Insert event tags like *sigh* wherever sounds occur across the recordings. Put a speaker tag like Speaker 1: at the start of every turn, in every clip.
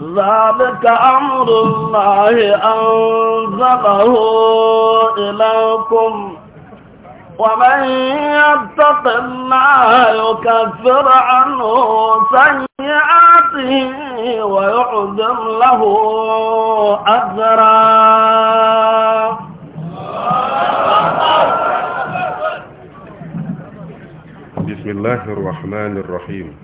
Speaker 1: ذلك أمر الله أنزله إليكم ومن يتق الله يكفر عنه سيئاته ويعظم له أجرا
Speaker 2: بسم الله الرحمن الرحيم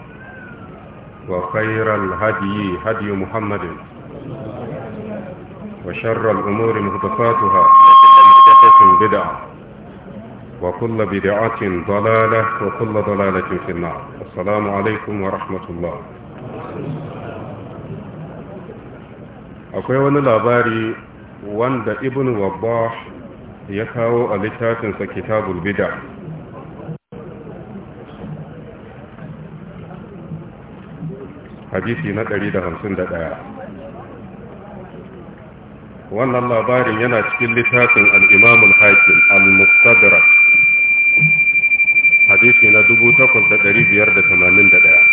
Speaker 3: وخير الهدي هدي محمد وشر الأمور مهدفاتها وكل مهدفة بدعة وكل بدعة ضلالة وكل ضلالة في النار السلام عليكم ورحمة الله akwai الأباري labari ابن وباح يكاو ya kawo البدع
Speaker 2: حديثي نقري ده
Speaker 3: خمسين دقيقة وأن الله باري ينات كل ثلاثة الإمام الحاكم المستدرك حديثي ندبو تقل تقريب يرد ثمانين دقيقة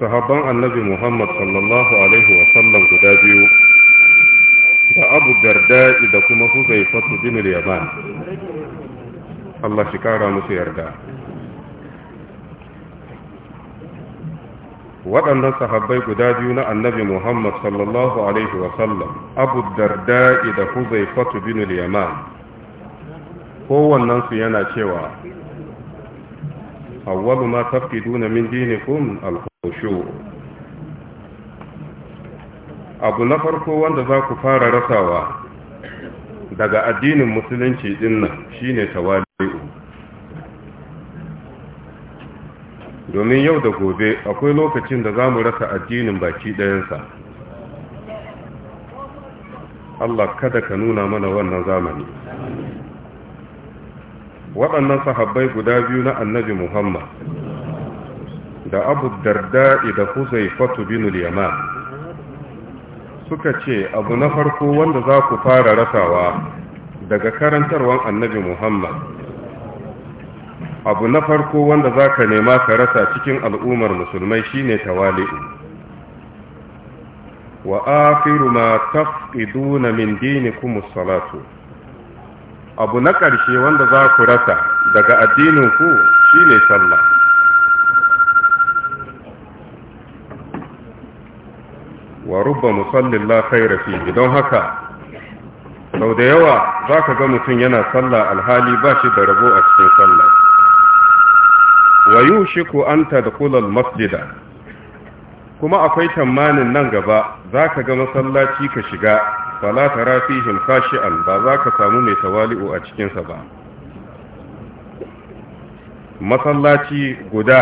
Speaker 3: صحابا النبي محمد صلى الله عليه وسلم قدابيو da abu darda da kuma huzaifatu bin al-yaman Allah shi kara waɗannan sahabbai guda biyu na annabi muhammad sallallahu alaihi wasallam abu darda'i da huzai fatu bin Liyaman, kowannensu yana cewa awwalu ma tafkiduna min dinikum al abu na farko wanda za ku fara rasawa daga addinin musulunci dinnan shine tawali domin yau da gobe akwai lokacin da za mu rasa addinin baki ɗayansa Allah kada ka nuna mana wannan zamani waɗannan sahabbai guda biyu na annabi Muhammad da abu dardaɗi da huzai fatu binul yama suka ce abu na farko wanda za ku fara rasawa daga karantarwan annabi Muhammad abu na farko wanda za ka nema ka rasa cikin al'ummar musulmai shine tawali'u wa akhiru ma tafqiduna min dinikum salatu abu na ƙarshe wanda za ku rasa daga addininku shine sallah wa rubba musallin la khaira don haka sau da yawa za ka ga mutum yana sallah alhali ba shi da rabo a cikin sallah wa yushiku an tadkhula masjida kuma akwai tamanin nan gaba zaka ga masallaci ka shiga fala tara fashi'an khashi'an ba ka samu mai tawali'u a cikin ba masallaci guda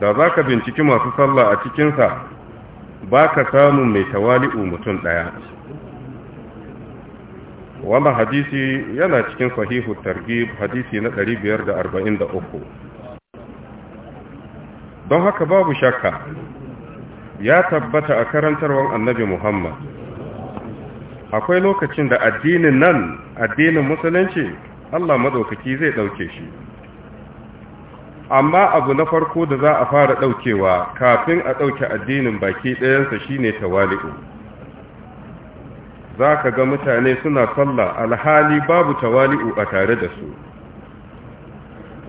Speaker 3: da za ka binciki masu sallah a cikinsa sa ka samu mai tawali'u mutum ɗaya. wannan hadisi yana cikin sahihu targhib hadisi na 543 don haka babu shakka ya tabbata a karantarwar annabi Muhammad akwai lokacin da addinin nan addinin musulunci Allah madaukaki zai ɗauke shi amma abu na farko da za a fara ɗaukewa, kafin a dauke addinin baki ɗayansa shine tawali'u za ka ga mutane suna sallah alhali babu tawali'u a tare da su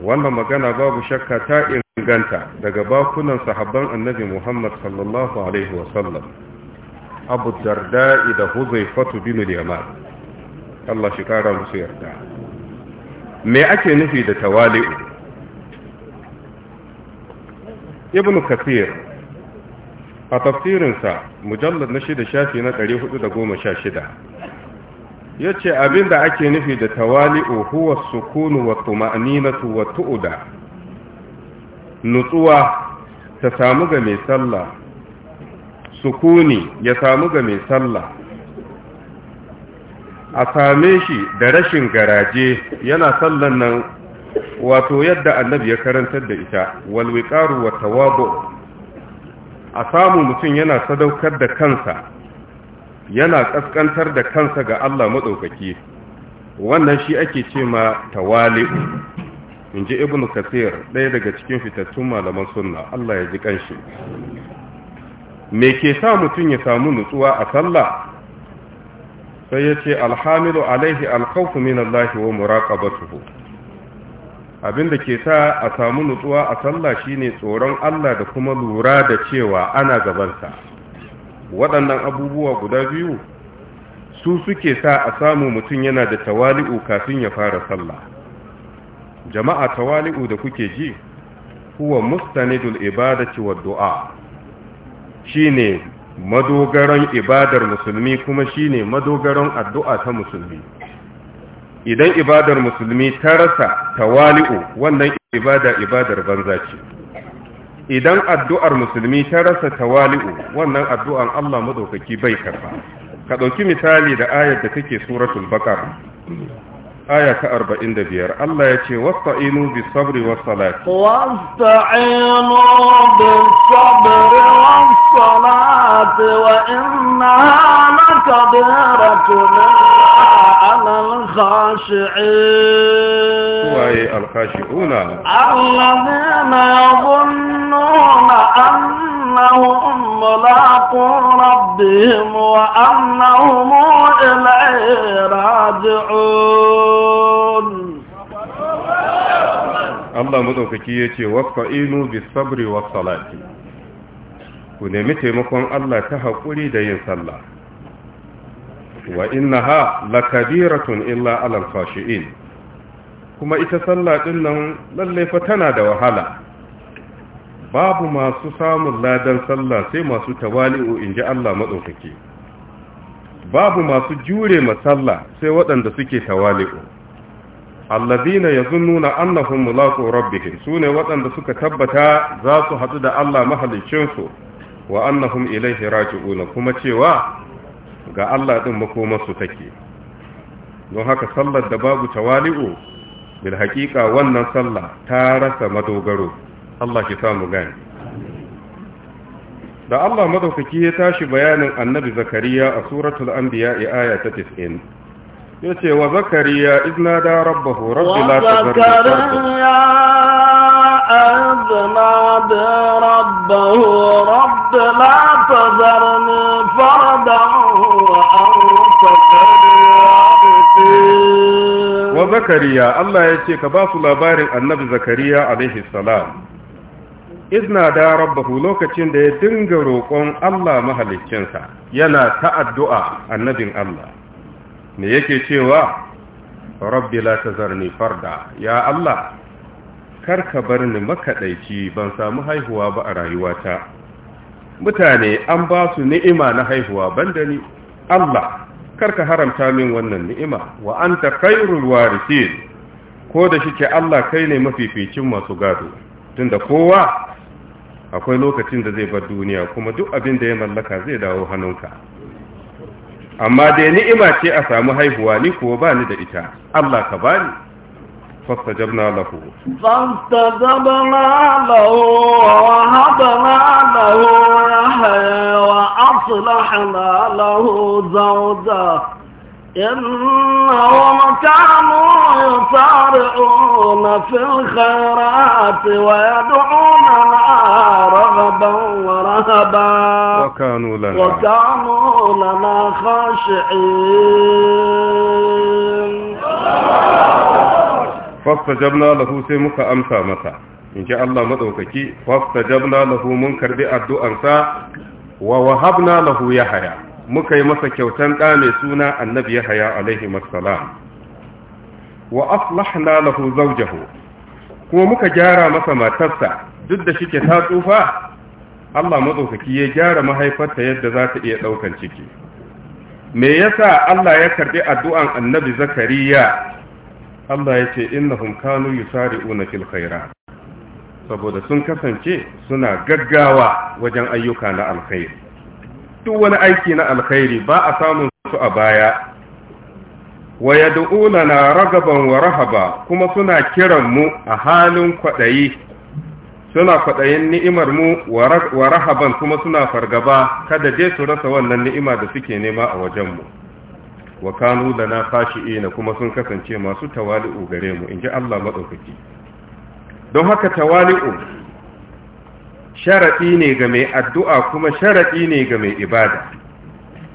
Speaker 3: wannan magana babu shakka ta inganta daga bakunan sahabban annabi muhammad sallallahu alaihi wasallam abu darda'i da huzaifatu bin yamal Allah shi kara musu yarda me ake nufi da tawali'u ibn kathir a tafsirinsa mujallar na shida shafi na 416 ya ce abin da ake nufi da tawali'u huwa sukunu wa na wa tu'uda nutsuwa ta samu ga mai sallah sukuni ya samu ga mai sallah a same shi da rashin garaje yana sallan nan wato yadda annabi ya karantar da ita walwikaru wa tawabo a samu mutum yana sadaukar da kansa yana kaskantar da kansa ga Allah maɗaukaki wannan shi ake ce ma tawali'u in ji ibn kasir ɗaya daga cikin fitattun malaman sunna Allah ya ji ƙanshi me ke sa mutum ya samu nutsuwa a sallah sai ya ce alhamilu alaihi alkhawfu minallahi wa muraqabatuhu abin da ke sa a samu nutsuwa a sallah shine tsoron Allah da kuma lura da cewa ana gabansa waɗannan abubuwa guda biyu su suke sa a samu mutum yana da tawali'u kafin ya fara sallah jama'a tawali'u da kuke ji huwa mustanidul ibadati waddu'a du'a shine madogaran ibadar musulmi kuma shine madogaran addu'a ta musulmi idan ibadar musulmi ta rasa tawali'u wannan ibada ibadar banza ce idan addu'ar musulmi ta rasa tawali'u wannan addu'an Allah madaukaki bai karba ka dauki misali da ayar da take suratul baqara آية أربع عند بيار الله يتي واستعينوا بالصبر والصلاة
Speaker 1: واستعينوا بالصبر والصلاة وإنها لكبيرة على الخاشعين وأي
Speaker 3: الخاشعون
Speaker 1: الذين يظنون أن أنهم ملاقو ربهم وأنهم إليه راجعون
Speaker 3: Allah madaukaki ya ce wasta'inu inu sabri was salati ku nemi taimakon Allah ta hakuri da yin sallah wa innaha lakabiratun illa alal kuma ita sallah din nan lalle fa tana da wahala babu masu samun ladan sallah sai masu tawali'u in ji Allah matsaukake babu masu jure ma sallah sai waɗanda suke tawali'u allazina yazunnuna annahum mulaqu rabbihim sune waɗanda suka tabbata za su haɗu da Allah su wa annahum ilaihi raji'un kuma cewa ga Allah din su take don haka sallar da babu tawali'u bil haƙiƙa wannan sallah ta rasa madogaro Allah ki samu gani da Allah madaukaki ya tashi bayanin annabi zakariya a suratul anbiya aya ta 90 yace wa zakariya idna da
Speaker 1: rabbahu rabbi la tazarni أذنى بربه رب لا تذرني فردا وأنت
Speaker 3: وزكريا الله يتيك باس لابارن النبي زكريا عليه السلام izna da rabbahu lokacin da ya dinga roƙon Allah mahaliccinsa yana ta addu'a annabin Allah me yake cewa rabbi la tazarni farda ya Allah Kar ka bar ni makadaici ban samu haihuwa ba a rayuwata mutane an ba su ni'ima na haihuwa banda ni Allah ka haramta min wannan ni'ima wa anta khairul warithin ko da shike Allah kai ne mafificin masu gado tunda kowa akwai lokacin da zai bar duniya kuma duk abin da ya mallaka zai dawo hannunka amma dai ni'ima ce a samu haihuwa ni kuwa ba ni da ita Allah ka bani فاستجبنا له
Speaker 1: wa haɗa ووهبنا له wa وأصلحنا له زوجه إنهم كانوا يسارعون في الخيرات ويدعوننا رغبا ورهبا
Speaker 2: وكانوا لنا,
Speaker 1: وكانوا لنا خاشعين
Speaker 3: فاستجبنا له سيمك أمسى مسا إن شاء الله مدوكك فاستجبنا له منكر بأدو أنسى ووهبنا له يحيى muka yi masa kyautan ɗa mai suna annabi yahaya alaihi wassalam wa aslahna lahu zawjahu kuma muka gyara masa matarsa duk da ke ta tsufa Allah madaukaki ya gyara mahaifarta yadda za ta iya ɗaukan ciki me yasa Allah ya karɓi addu'an annabi zakariya Allah ya ce innahum kanu yusari'una fil khairat saboda sun kasance suna gaggawa wajen ayyuka na alkhairi duk wani aiki na alkhairi ba a samun su a baya wa na ragaban wa rahaba kuma suna kiran mu a halin kwadayi suna kwadayin ni'imar mu wa rahaban kuma suna fargaba kada dai su rasa wannan ni'ima da suke nema a wajen mu wa kanu lana kuma sun kasance masu tawali'u gare mu ji Allah madaukaki don haka tawali'u sharaɗi ne ga mai addu'a kuma sharaɗi ne ga mai ibada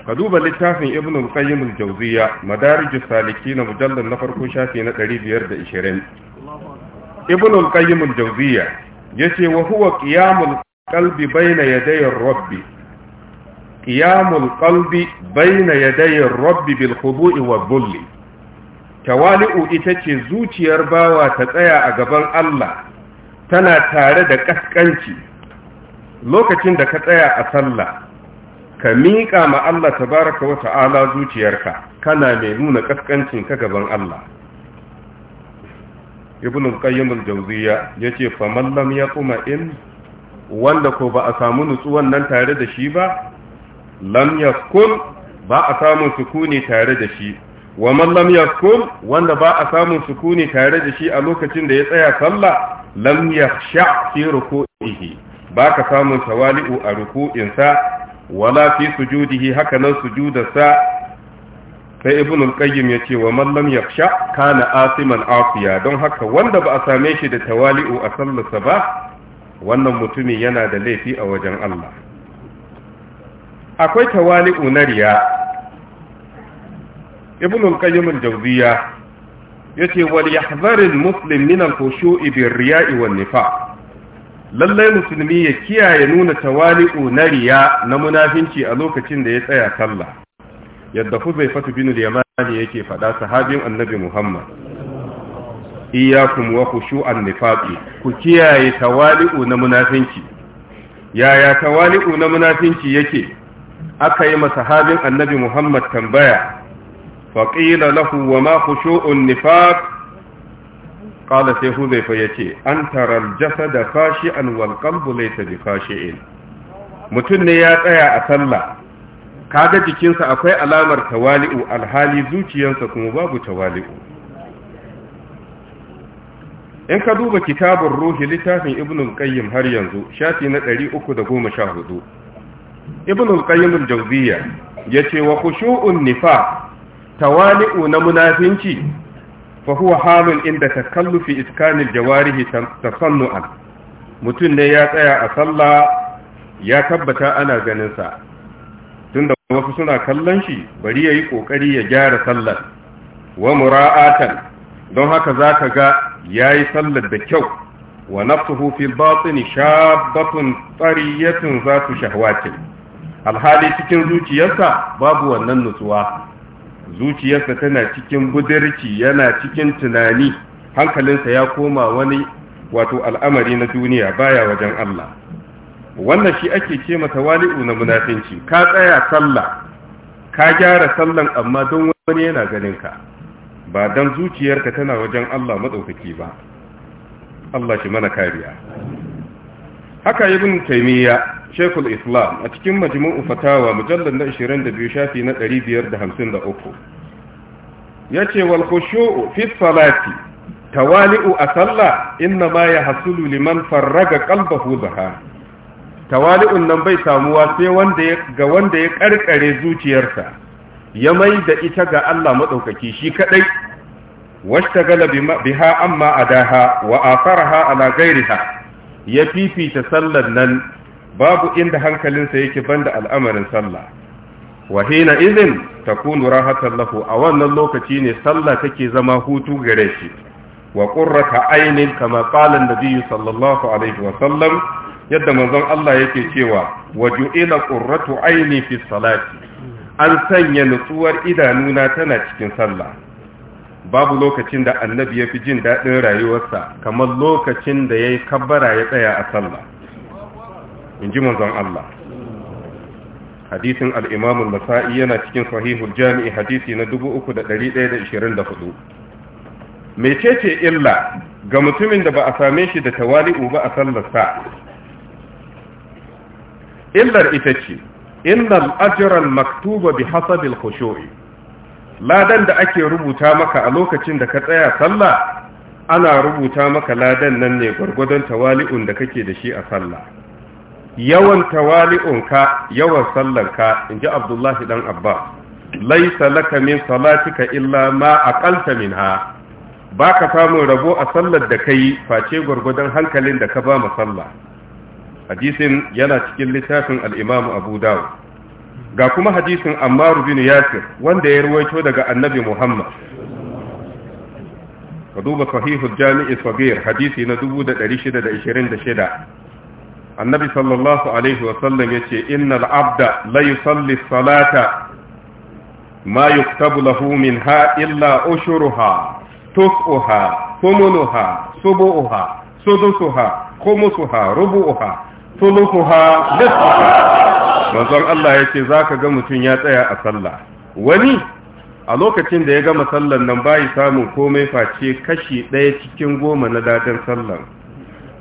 Speaker 3: ka duba littafin ibn al-qayyim al-jawziya Madarij saliki na mujallar na farko shafi na 520 ibn al-qayyim al-jawziya yace wa huwa qiyamul qalbi bayna yaday ar-rabbi qiyamul qalbi bayna yaday ar rabb bil khudu'i wa dhulli tawali'u ita ce zuciyar bawa ta tsaya a gaban Allah tana tare da kaskanci lokacin da ka tsaya a sallah ka miƙa ma Allah tabaraka wa ta'ala zuciyarka kana mai nuna kaskancin ka gaban Allah ibn qayyim al-jawziyya yace fa man lam yaquma in wanda ko ba a samu nutsuwan nan tare da shi ba lam yakun ba a samu sukuni tare da shi wa man lam yakun wanda ba a samu sukuni tare da shi a lokacin da ya tsaya sallah lam yakhsha fi ruku'ihi ba ka samun tawali'u a ruku'insa wala fi sujudihi haka nan sujudarsa sai ibn al-qayyim ya wa man lam yakhsha kana asiman afiya don haka wanda ba a same shi da tawali'u a sallarsa ba wannan mutumin yana da laifi a wajen Allah akwai tawali'u na riya ibn al-qayyim al-jawziya yace wal al muslim min al-khushu'i bir-riya'i wan-nifaq lallai musulmi ya kiyaye nuna tawali'u na riya na munafinci a lokacin da ya tsaya sallah yadda huzaifatu bin binul yamani yake faɗa sahabin annabi Muhammad iyakum wa an nifaqi ku kiyaye tawali'u na munafinci yaya tawali'u na munafinci yake aka yi sahabin annabi Muhammad tambaya faqila lahu wa ma an nifaq qala sai huzaifa yace an taral jasada khashi'an wal qalbu laysa bi khashi'in mutun ne ya tsaya a sallah kaga jikinsa akwai alamar tawali'u alhali zuciyarsa kuma babu tawali'u in ka duba kitabun ruhi littafin ibnul qayyim har yanzu shafi na 314 ibnul qayyim al-jawziyya yace wa khushu'un nifaq tawali'u na munafinci fa huwa halun inda takallufi iskanil jawarihi tasannu'an mutum ne ya tsaya a sallah ya tabbata ana ganin sa tunda wasu suna kallon shi bari yayi ƙoƙari ya gyara sallar wa mura'atan don haka zaka ga yayi sallar da kyau wa nafsuhu fil batin shabbatun tariyatun zatu shahwatin alhali cikin zuciyarsa babu wannan nutsuwa zuciyarsa tana cikin budurci yana cikin tunani hankalinsa ya koma wani wato al'amari na duniya baya wajen Allah wannan shi ake ce masa wali'u na munafinci ka tsaya sallah
Speaker 1: ka gyara
Speaker 3: sallan amma don wani yana ganin ka ba don zuciyarka tana wajen Allah maɗaukaki ba Allah shi mana kariya haka ibn taymiya shekul islam a cikin majmu'u fatawa mujallar na 22 shafi na 553 ya ce wal fi salati tawali'u a sallah inna ma ya hasulu liman farraga qalbahu zaha tawali'un nan bai samuwa sai ga wanda ya karkare zuciyarsa ya mai da ita ga Allah maɗaukaki shi kadai washtagala biha amma a daha wa a atharaha ala ghairiha ya fifita sallar nan babu inda hankalinsa yake banda al'amarin sallah wa hina izin takunu rahatan lahu a wannan lokaci ne sallah take zama hutu gare shi wa qurrata ainin kama da biyu, sallallahu alaihi wa sallam yadda manzon Allah yake cewa wa ju'ila ƙurratu aini fi salati an sanya nutsuwar idanuna tana cikin sallah babu lokacin da annabi ya fi jin daɗin rayuwarsa kamar lokacin da ya yi kabbara ya tsaya a sallah in ji manzon Allah hadisin al-imam nasai yana cikin sahihul jami'i hadisi na 3124 mecece illa ga mutumin da ba a same shi da tawali'u ba a sallarsa illar ita ce innal ajral maktuba bi hasabil khushu'i ladan da ake rubuta maka a lokacin da ka tsaya sallah ana rubuta maka ladan nan ne gwargwadon tawali'un da kake da shi a sallah yawan tawali'unka yawan sallanka in ji abdullahi dan abba laisa laka min salatika illa ma aqalta minha baka samun rabo a sallar da kai face gwargwadon hankalin da ka ba mu sallah hadisin yana cikin littafin al'imam imam abu dawud ga kuma hadisin ammar bin yasir wanda ya ruwaito daga annabi muhammad ka duba sahihul jami'i sabir hadisi na 1626 annabi sallallahu alaihi wasallam ya ce innal abda la yusalli salata ma yuktabu lahu minha illa ushuruha tus'uha thumuluha subu'uha sudusuha khumusuha rubuha thuluthuha nisfuha manzon Allah yace zaka ga mutun ya tsaya a sallah wani a lokacin da ya gama sallan nan bai samu komai face kashi ɗaya cikin goma na dadan sallan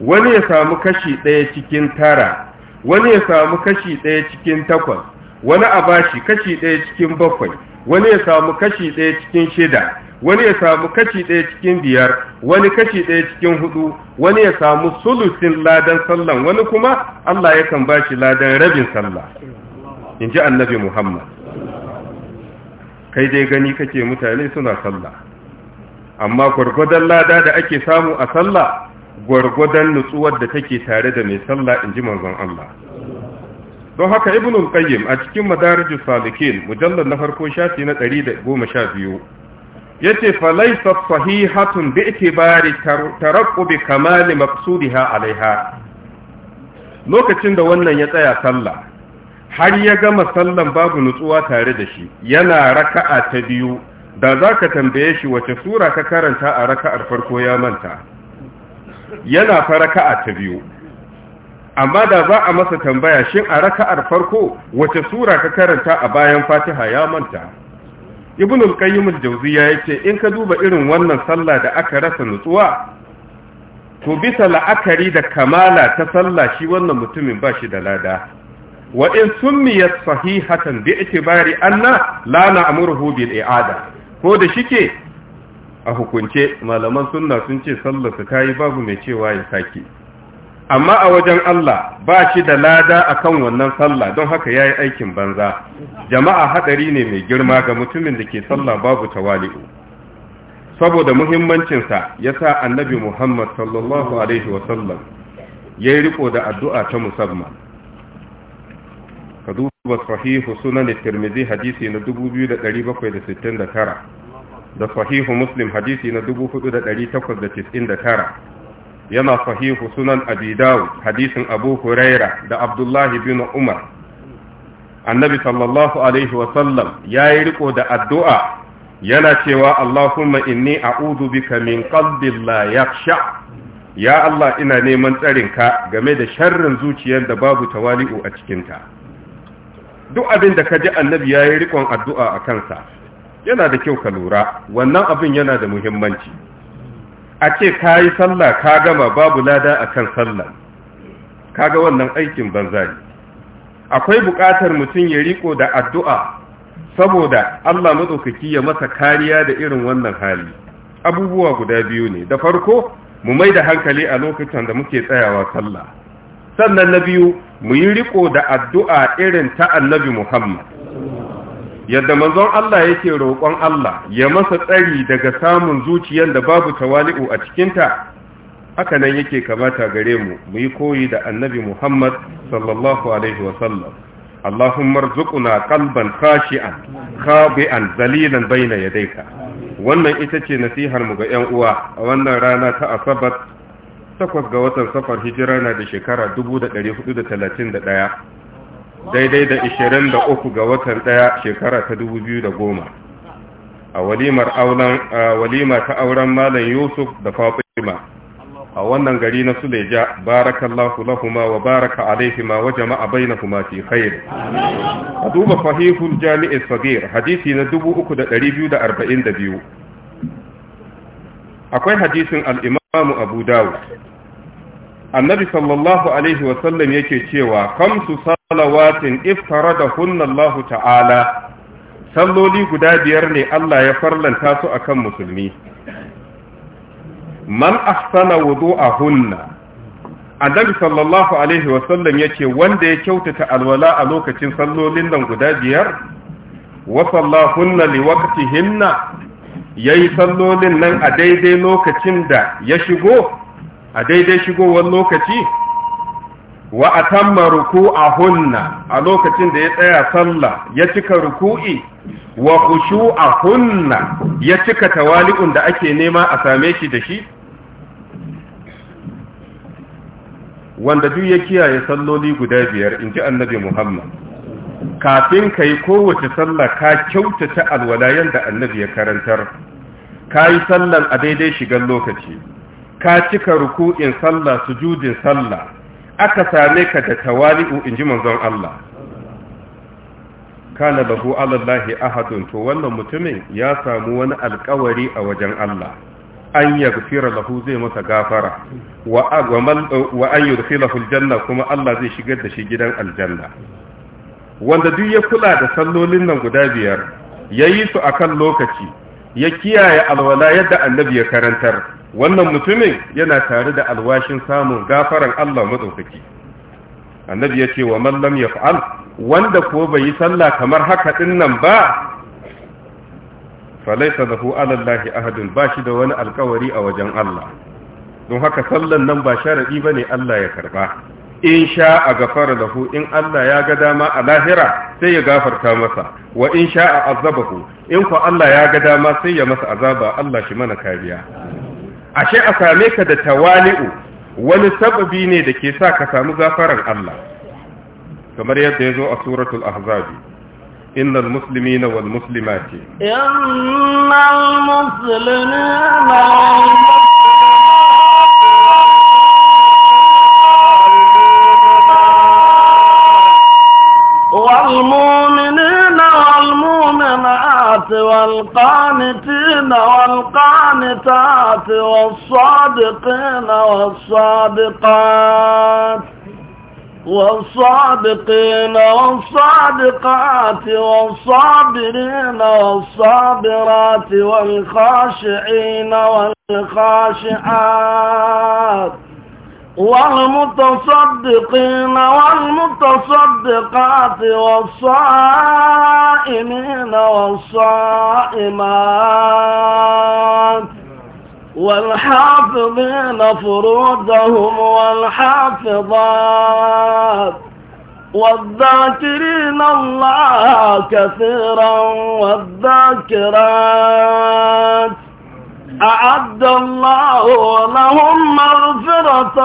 Speaker 3: wani ya samu kashi ɗaya cikin tara wani ya samu kashi ɗaya cikin takwas wani a bashi kashi ɗaya cikin bakwai wani ya samu kashi ɗaya cikin shida wani ya samu kashi ɗaya cikin biyar wani kashi ɗaya cikin hudu wani ya samu sulusin ladan sallan wani kuma Allah ya kan bashi ladan rabin sallah in ji annabi Muhammad kai dai gani kake mutane suna sallah amma gwargwadon lada da ake samu a sallah gwargwadon nutsuwar da take tare da mai sallah in ji manzon Allah don haka ibn qayyim a cikin madarij salikin mujallal na farko shafi na 112 yace fa laysa sahihatun bi itibari taraqqubi kamali maqsudiha alaiha lokacin da wannan ya tsaya sallah har ya gama sallan babu nutsuwa tare da shi yana raka'a ta biyu da zaka tambaye shi wace sura ka karanta a raka'ar farko ya manta yana fa raka'a ta biyu amma da za a masa tambaya shin a raka'ar farko wace sura ka karanta a bayan Fatiha ya manta Ibn al-Qayyim al-Jawziyya yace in ka duba irin wannan sallah da aka rasa nutsuwa to bisa la'akari da kamala ta sallah shi wannan mutumin ba shi da lada wa in summiyat sahihatan bi itibari anna la na'muruhu bil i'ada ko da shike a hukunce malaman sunna sun ce sallarsa ta yi babu mai cewa ya sake amma a wajen Allah ba shi da lada akan wannan sallah don haka ya yi aikin banza jama'a hadari ne mai girma ga mutumin da ke sallah babu tawali'u saboda muhimmancinsa ya sa annabi muhammad sallallahu alaihi wasallam ya yi riko da addu'a ta musamman ka duba sahihu sunan tirmidhi hadisi na 2769 da sahihu muslim hadisi na 4899 yana sahihu sunan Abidawu, hadisin abu huraira da abdullahi bin umar annabi sallallahu alaihi wasallam ya yi riko da addu'a yana cewa allahumma inni a'udhu bika min qalbin la ya allah ina neman tsarinka game da sharrin zuciyar da babu tawali'u a cikinta duk abin da ka ji annabi ya yi rikon addu'a a kansa yana da kyau ka lura wannan abin yana da muhimmanci a ce ka yi sallah ka gama babu lada a kan sallah ga wannan aikin banza akwai buƙatar mutum ya riko da addu'a saboda Allah matsaukaki ya masa kariya da irin wannan hali abubuwa guda biyu ne da farko mu mai da hankali a lokacin da muke tsayawa sallah sannan na biyu mu yi riko da addu'a irin ta annabi Muhammad yadda manzon Allah yake roƙon Allah ya masa tsari daga samun zuciyar da babu tawali'u a cikinta haka nan yake kamata gare mu mu yi koyi da annabi Muhammad sallallahu alaihi wa sallam Allahumma rzuqna qalban khashi'an khabi'an zalilan bayna yadayka wannan ita ce nasihar mu ga ƴan uwa a wannan rana ta asabar takwas ga watan safar hijira na da shekara 1431 daidai da 23 ga watan ɗaya shekara ta 2010 a walimar auren walima ta auren malam Yusuf da Fatima a wannan gari na Suleja barakallahu lahuma wa baraka alaihima wa jama'a bainahuma fi khair a duba jami' jami'i sagir hadisi na 3242 akwai hadisin al-Imam Abu Dawud annabi sallallahu alaihi sallam, yake cewa kamsu salawatin iftara da hunnallahu ta'ala salloli guda biyar ne Allah ya farlanta su akan musulmi man ahsana hunna. annabi sallallahu alaihi wasallam yace wanda ya kyautata alwala a lokacin sallolin nan guda biyar wa sallahunna liwaqtihinna yayi sallolin nan a daidai lokacin da ya shigo a daidai shigowar lokaci wa atamma hunna a lokacin da ya tsaya sallah ya cika ruku'i wa hunna ya cika tawali'un da ake nema a same shi da shi wanda duk ya kiyaye salloli guda biyar in ji annabi Muhammad kafin ka yi kowace sallah ka kyautata alwalayen da annabi ya karantar ka yi sallan a daidai shigar lokaci ka cika ruku'in sallah sujudin sallah aka same ka da tawali'u in ji manzon Allah kana lahu alallahi ahadun to wannan mutumin ya samu wani alkawari a wajen Allah an yaghfira lahu zai masa gafara wa wa an yudkhilahu aljanna kuma Allah zai shigar da shi gidan aljanna wanda duk ya kula da sallolin nan guda biyar yayi su akan lokaci ya kiyaye alwala yadda annabi ya karantar wannan mutumin yana tare da alwashin samun gafaran Allah madaukaki annabi ya ce wa man lam yaf'al wanda ko bai yi sallah kamar haka dinnan ba falaisa lahu ala Allah ahadun bashi da wani alkawari a wajen Allah don haka sallan nan ba sharadi bane Allah ya karba in sha a gafara lahu in Allah ya ga dama a lahira sai ya gafarta masa wa in sha a azabahu in ku Allah ya ga dama sai ya masa azaba Allah shi mana kariya ashe a same ka da tawali'u wani sababi ne da ke sa ka samu gafaran Allah kamar yadda ya zo a suratul ahzabi إن المسلمين والمسلمات
Speaker 1: إن المسلمين والمسلمات والقانتين والقانتات والصادقين والصادقات والصادقين والصادقات والصابرين والصابرات والخاشعين والخاشعات والمتصدقين والمتصدقات والصائمين والصائمات والحافظين فروجهم والحافظات والذاكرين الله كثيرا والذاكرات أعد الله لهم مغفرة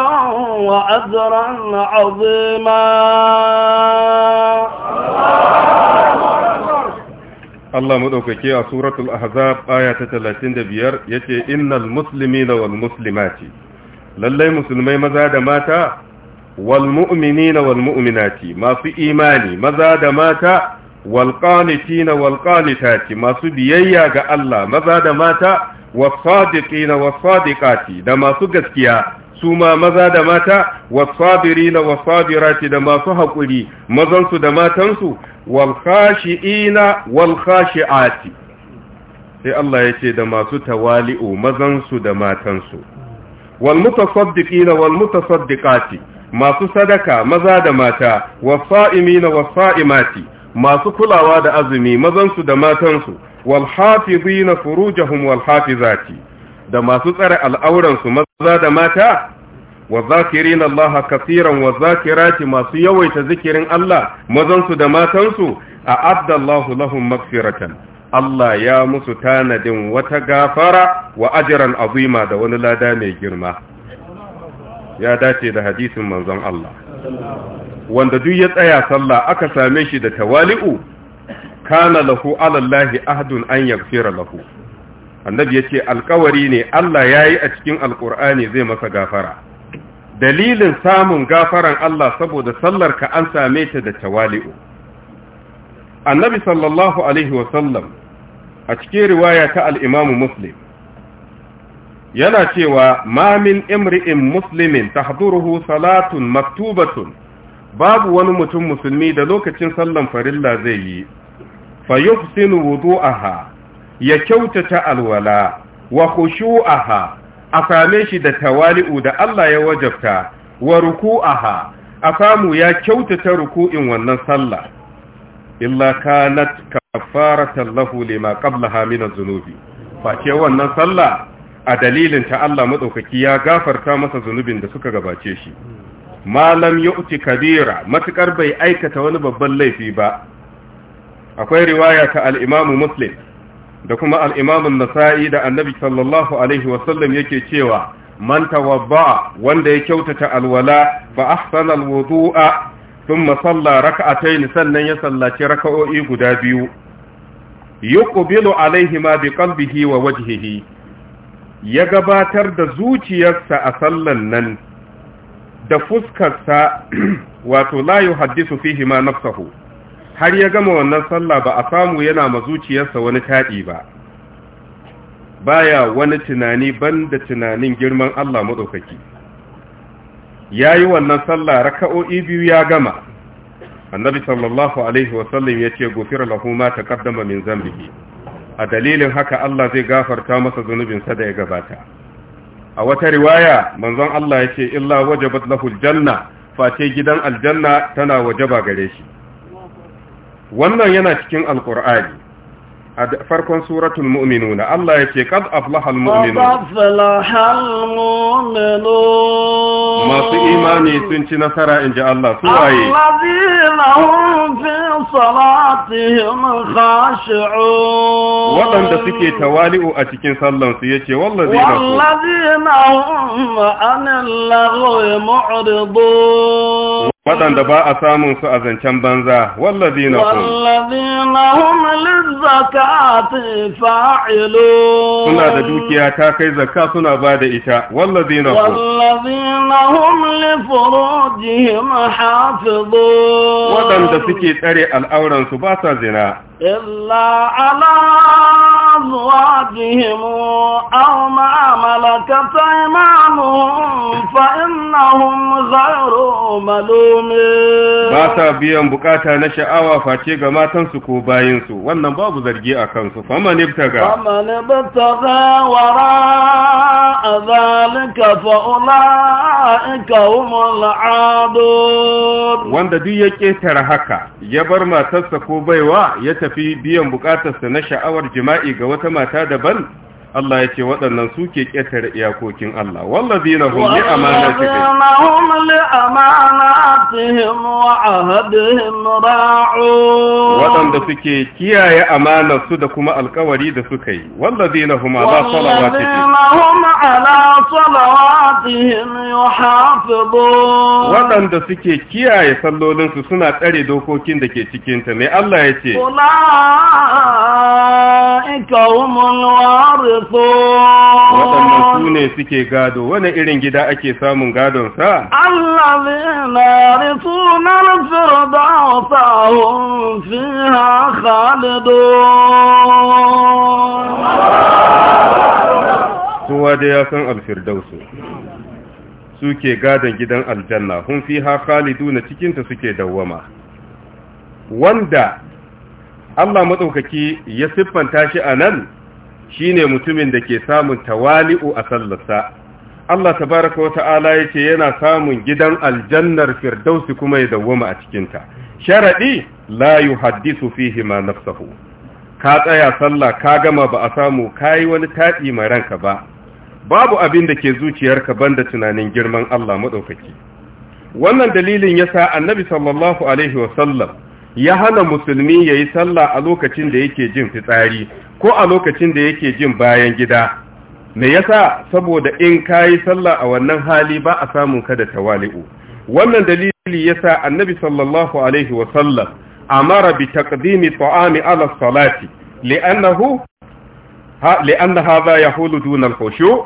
Speaker 1: وأجرا عظيما
Speaker 3: Allah maɗaukake a suratul ahzab aya ta 35 yace innal muslimina wal muslimati lallai musulmai maza da mata wal mu'minina wal masu imani maza da mata wal qanitina wal masu biyayya ga Allah maza da mata wasadiqina wasadiqati da masu gaskiya su ma maza da mata wasabirina wasabirati da masu haƙuri mazansu da matansu wal khashiina wal khashiati sai Allah ya ce da masu tawali'u mazansu da matansu wal mutasaddiqina wal mutasaddiqati masu sadaka maza da mata wasa'imina wasa'imati masu kulawa da azumi mazansu da matansu wal hafizina furujahum wal hafizati da masu tsare al'auran su maza da mata wa zakirin Allah kafiran wa zakirati masu yawaita zikirin Allah mazansu da matansu a abdallahu lahum magfiratan Allah ya musu tanadin wata gafara wa ajiran azima da wani lada mai girma ya dace da hadisin manzon Allah wanda duk ya tsaya sallah aka same shi da tawali'u kana lahu alallahi ahdun an yaghfira lahu annabi yace alkawari ne Allah yayi a cikin Alƙur'ani zai masa gafara dalilin samun gafaran Allah saboda sallar ka an same ta da tawali'u annabi sallallahu alaihi sallam a cikin riwaya ta al-imam muslim yana cewa ma min imri'in muslimin tahduruhu salatun maktubatun babu wani mutum musulmi da lokacin sallan farilla zai yi fa yuhsinu wudu'aha ya kyautata alwala wa khushu'aha a same shi da tawali'u da Allah ya wajabta wa ruku'aha a samu ya kyautata ruku'in wannan sallah illa kanat kafaratan lahu lima qablaha min az-zunubi fa wannan sallah a dalilin ta Allah madaukaki ya gafarta masa zunubin da suka gabace shi malam yu'ti kabira matukar bai aikata wani babban laifi ba akwai riwaya ta al'imamu Muslim da kuma al nasai da Annabi sallallahu alaihi wasallam yake cewa man tawabba wanda ya kyautata alwala fa wuzu'a sun masalla raka'atai ni sannan ya sallaci raka'o'i guda biyu yuqbilu alaihima biqalbihi wa wajhihi ya gabatar da zuciyarsa a sallan nan da fuskarsa *clears throat* wato la Haddisu fihi ma nafsuhu har ya gama wannan sallah ba a samu yana mazuciyarsa wani taɗi ba baya wani tunani banda tunanin girman Allah maɗaukaki ya yi wannan sallah raka'o'i biyu ya gama annabi sallallahu alaihi wasallam ya ce gofir lahuma ta kaddama min zambihi a dalilin haka Allah zai gafarta masa zunubinsa da ya gabata a wata riwaya manzon Allah ya ce illa wajabat lahul janna face gidan aljanna tana wajaba gare shi wannan yana cikin alkur'ani a farkon suratul na Allah ya ce kad aflaha almu'minun
Speaker 1: masu imani
Speaker 3: sun ci nasara inji Allah su waye
Speaker 1: allazina hum suke
Speaker 3: tawali'u a cikin sallan su yace wallazina
Speaker 1: wallazina hum waɗanda
Speaker 3: ba a samun su a zancen banza wallazi na hum
Speaker 1: wallazi na hum lizzakati suna da dukiya
Speaker 3: ta kai zakka suna ba da ita wallazi na hum
Speaker 1: wallazi na hum li waɗanda suke
Speaker 3: tsare al'auransu ba sa zina
Speaker 1: illa ala أزواجهم أو ما ملكت أيمانهم فإنهم غير ملومين باتا
Speaker 3: بيان بكاتا نشأوا فاتيغا ما تنسكوا باينسوا وانا باب ذرقي أكنسوا فمن ابتغى
Speaker 1: فمن ابتغى وراء ذلك فأولئك هم العادون
Speaker 3: وانا دي يكيتر هكا يبر ما تنسكوا بيوا يتفي بيان بكاتس نشأوا الجماعي ga wata mata daban Allah ya ce waɗannan su ke ƙetare iyakokin Allah wallazi na hum li amanatihim
Speaker 1: wa ahadihim ra'un waɗanda
Speaker 3: suke kiyaye amanar su da kuma alƙawari da suka yi wallazi ma ba
Speaker 1: ala salawatihim yuhafizun waɗanda
Speaker 3: suke kiyaye sallolin su suna tsare dokokin da ke cikin ta ne Allah ya ce
Speaker 1: ula'ika humul su
Speaker 3: ne suke gado wani irin gida ake samun gadon sa
Speaker 1: na yarithuna al-firdausa hum fiha
Speaker 3: kowa da ya san al-firdausu suke gadon gidan aljanna hun fi ha khalidu na cikinta suke dawwama wanda Allah matsaukaki ya siffanta shi a nan shi ne mutumin da ke samun tawali'u a sallarsa Allah tabaraka wa ta'ala ya ce yana samun gidan aljannar firdausi kuma ya dawwama a cikinta sharaɗi la yuhaddisu fihi ma nafsahu ka tsaya sallah ka gama ba a samu kayi wani taɗi mai ranka ba babu abin da ke zuciyarka banda tunanin girman Allah maɗaukaki wannan dalilin ya sa annabi sallallahu alaihi wa sallam ya hana musulmi ya yi sallah a lokacin da yake jin fitsari ko a lokacin da yake jin bayan gida me yasa saboda in ka yi sallah a wannan hali ba a samun ka da tawali'u wannan dalili yasa annabi sallallahu alaihi wa sallam amara bi taqdimi ta'ami ala salati li'annahu ha li'anna hadha yahulu duna al-khushu'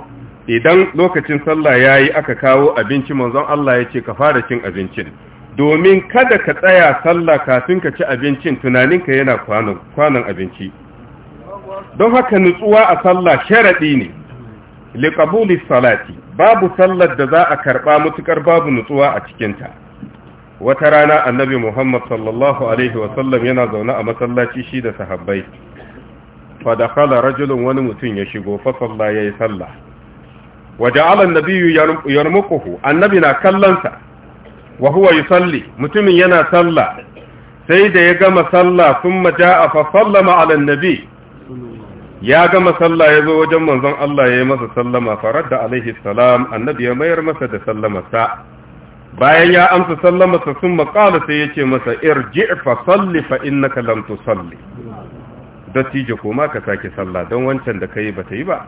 Speaker 3: idan lokacin sallah yayi aka kawo abinci manzon Allah ya ce ka fara cin abincin domin kada ka tsaya sallah kafin ka ci abincin tunaninka yana kwanan abinci don haka nutsuwa a sallah sharaɗi ne liƙabuli salati babu sallar da za a karɓa mutuƙar babu nutsuwa a cikinta wata rana annabi muhammad sallallahu alaihi wasallam yana zaune a masallaci shi da sahabbai fadakala rajulun wani mutum ya shigo fasalla ya yi sallah waje alan nabiyu yarmukuhu annabi na kallonsa wa huwa yusalli mutumin yana sallah sai da ya gama sallah kuma ja'a fa sallama ala nabi ya gama sallah ya zo wajen manzon Allah ya yi masa sallama faradda alaihi salam annabi ya mayar masa da sallamarsa bayan ya amsa sallamarsa sun maƙala sai ya ce masa irji fa salli fa innaka lam tusalli dattijo koma ka sake sallah don wancan da kai bata yi ba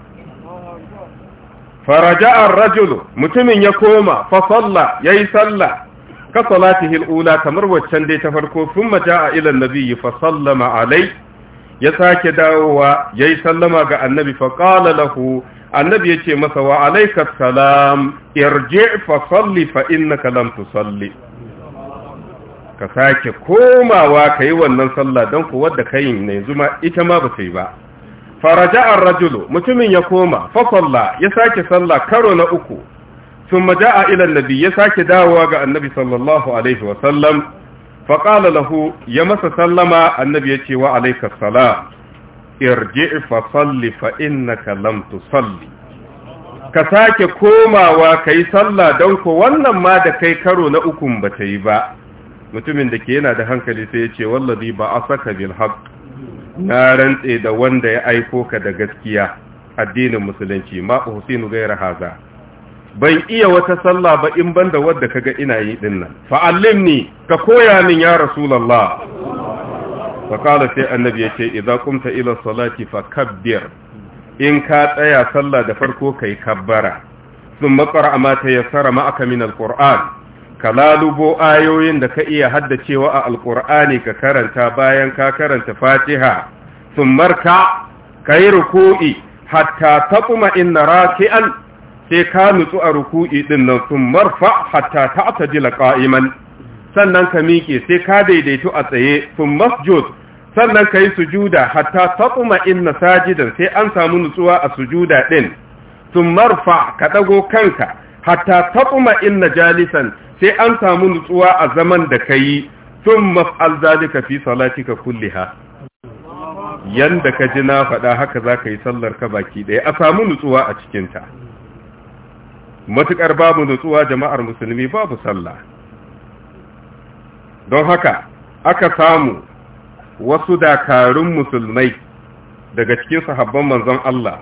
Speaker 3: faraja ar-rajulu mutumin ya koma fa salla yayi sallah ka salatihi al'ula kamar waccan dai ta farko sun maja a ilan nabiyyi fa sallama alai ya sake dawowa ya yi sallama ga annabi fa ƙala lahu annabi ya ce masa wa alaika salam irje fa salli fa innaka lam salli. ka sake komawa ka yi wannan sallah don ku wadda ka yi ne zuma ita ma ba ta yi ba Faraja'ar rajulu mutumin ya koma fa salla ya sake sallah karo na uku ثم جاء إلى النبي يساك دعوة على النبي صلى Annabi عليه وسلم فقال له يمس سلم النبي يتوى عليك الصلاة ارجع فصلي فإنك لم تصلي ka sake komawa ka yi sallah don ku wannan ma da kai karo na ukun ba ta yi ba mutumin da ke yana da hankali sai ya ce wallazi ba a saka bil na rantse da wanda ya aiko ka da gaskiya addinin musulunci ma hussein gaira haza ban iya wata sallah ba in banda wadda kaga ina yi din nan fa allimni ka koya min ya rasulullah fa qala sai annabi yace idza qumta ila salati fakabbir in ka tsaya sallah da farko kai kabbara thumma qara'a ma tayassara ma'aka min Alƙur'an, ka lalubo ayoyin da ka iya haddacewa a Alƙur'ani ka karanta bayan ka karanta fatiha marka ka yi ruku'i hatta taquma inna raki'an sai ka nutsu a ruku'i din nan sun marfa hatta ta'tadila qa'iman sannan ka miƙe sai ka daidaitu a tsaye sun masjud sannan ka yi sujuda hatta in inna sajidan sai an samu nutsuwa a sujuda ɗin sun marfa ka ɗago kanka hatta in inna jalisan sai an samu nutsuwa a zaman da ka yi sun maf'al zalika fi salatika kulliha yanda ka ji na faɗa haka za ka yi sallar ka baki ɗaya a samu nutsuwa a cikinta matuƙar babu nutsuwa jama'ar musulmi babu sallah don haka aka samu wasu dakarun musulmai daga cikin sahabban manzon Allah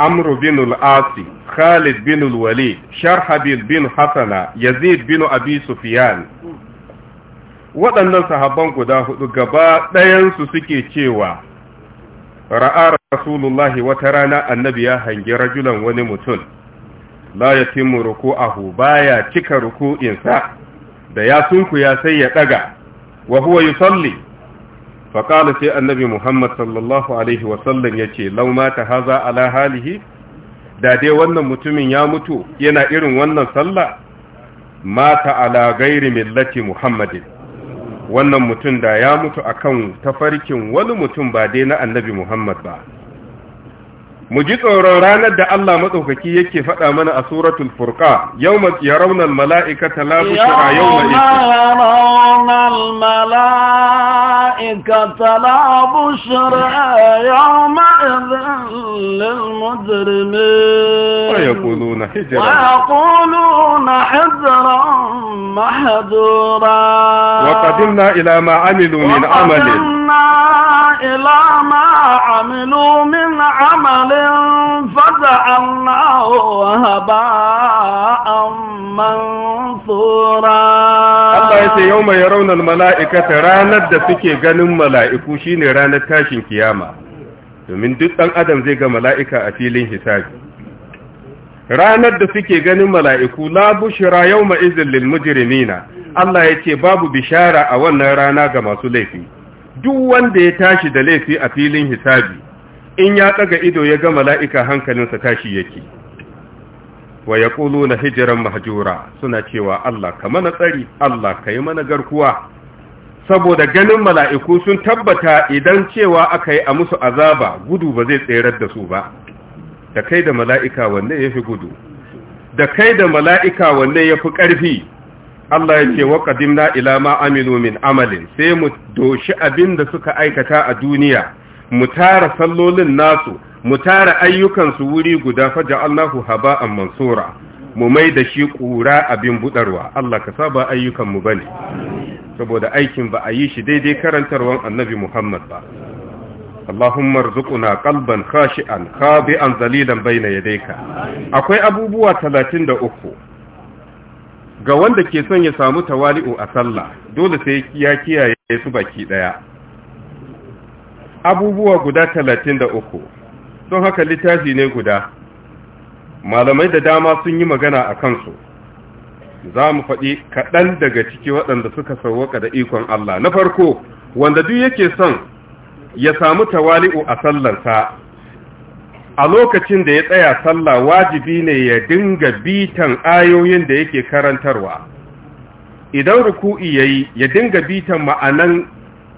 Speaker 3: amru bin al-asi khalid bin al-walid sharhabil bin hasana yazid bin abi sufyan waɗannan sahabban guda hudu gaba ɗayansu suke cewa ra'a rasulullahi wata rana annabi ya hangi rajulan wani mutum la yatimu ruku'ahu baya cika ruku'insa da ya ya sai ya daga wa huwa yusalli fa qala sai annabi Muhammad sallallahu alaihi wa sallam yace law mata haza ala halihi da dai wannan mutumin ya mutu yana irin wannan sallah mata ala ghairi millati Muhammadin wannan mutum da ya mutu akan tafarkin wani mutum ba dai na annabi Muhammad ba mu ji tsoron ranar da Allah matsaukaki yake faɗa mana a suratul furqa yawma yarawna almala'ikata la bushra yawma
Speaker 1: yarawna almala'ikata la bushra yawma lil mujrimin wa
Speaker 3: yaquluna hijra wa
Speaker 1: yaquluna hijran mahdura wa qadimna
Speaker 3: ila ma amilu min amalin
Speaker 1: إلى ما عملوا من عمل فجعلناه هباء منثورا Allah
Speaker 3: ya ce yau mai raunar mala'ikata ranar da suke ganin mala'iku ne ranar tashin kiyama, domin duk ɗan adam zai ga mala'ika a filin hisabi. Ranar da suke ganin mala'iku labushira yau ma'izin lil Allah ya ce babu bishara a wannan rana ga masu laifi. duk wanda ya tashi da laifi a filin hisabi in ya tsaga ido ya ga mala'ika hankalinsa tashi yake wa ya ƙulu na hijiran mahajura suna cewa Allah ka mana tsari Allah ka yi mana garkuwa saboda ganin mala'iku sun tabbata idan cewa aka yi a musu azaba gudu ba zai tserar da su ba da kai da mala'ika wanne ya fi gudu da kai da mala'ika wanne ya fi ƙarfi Allah ya ce wa qadimna ila ma aminu min amalin sai mu doshi abin da suka aikata a duniya mu tara sallolin nasu mu tara ayyukan su wuri guda faja'alnahu haba'an mansura mu mai da shi ƙura abin buɗarwa Allah ka saba ayyukanmu ba ne saboda aikin ba a yi shi daidai karantarwan annabi Muhammad ba Allahumma rzuquna qalban khashi'an khabi'an zalilan bayna yadayka akwai abubuwa 33 ga wanda ke son ya samu tawali'u a sallah dole sai ya kiyaye su baki daya abubuwa guda talatin da uku, don haka littafi ne guda malamai da dama sun yi magana a kansu za mu faɗi kaɗan daga ciki waɗanda suka sauwaka da ikon Allah na farko wanda duk yake son ya samu tawali'u a sallarsa a lokacin da ya tsaya sallah wajibi ne ya dinga bitan ayoyin da yake karantarwa idan ruku'i yayi ya dinga bitan ma'anan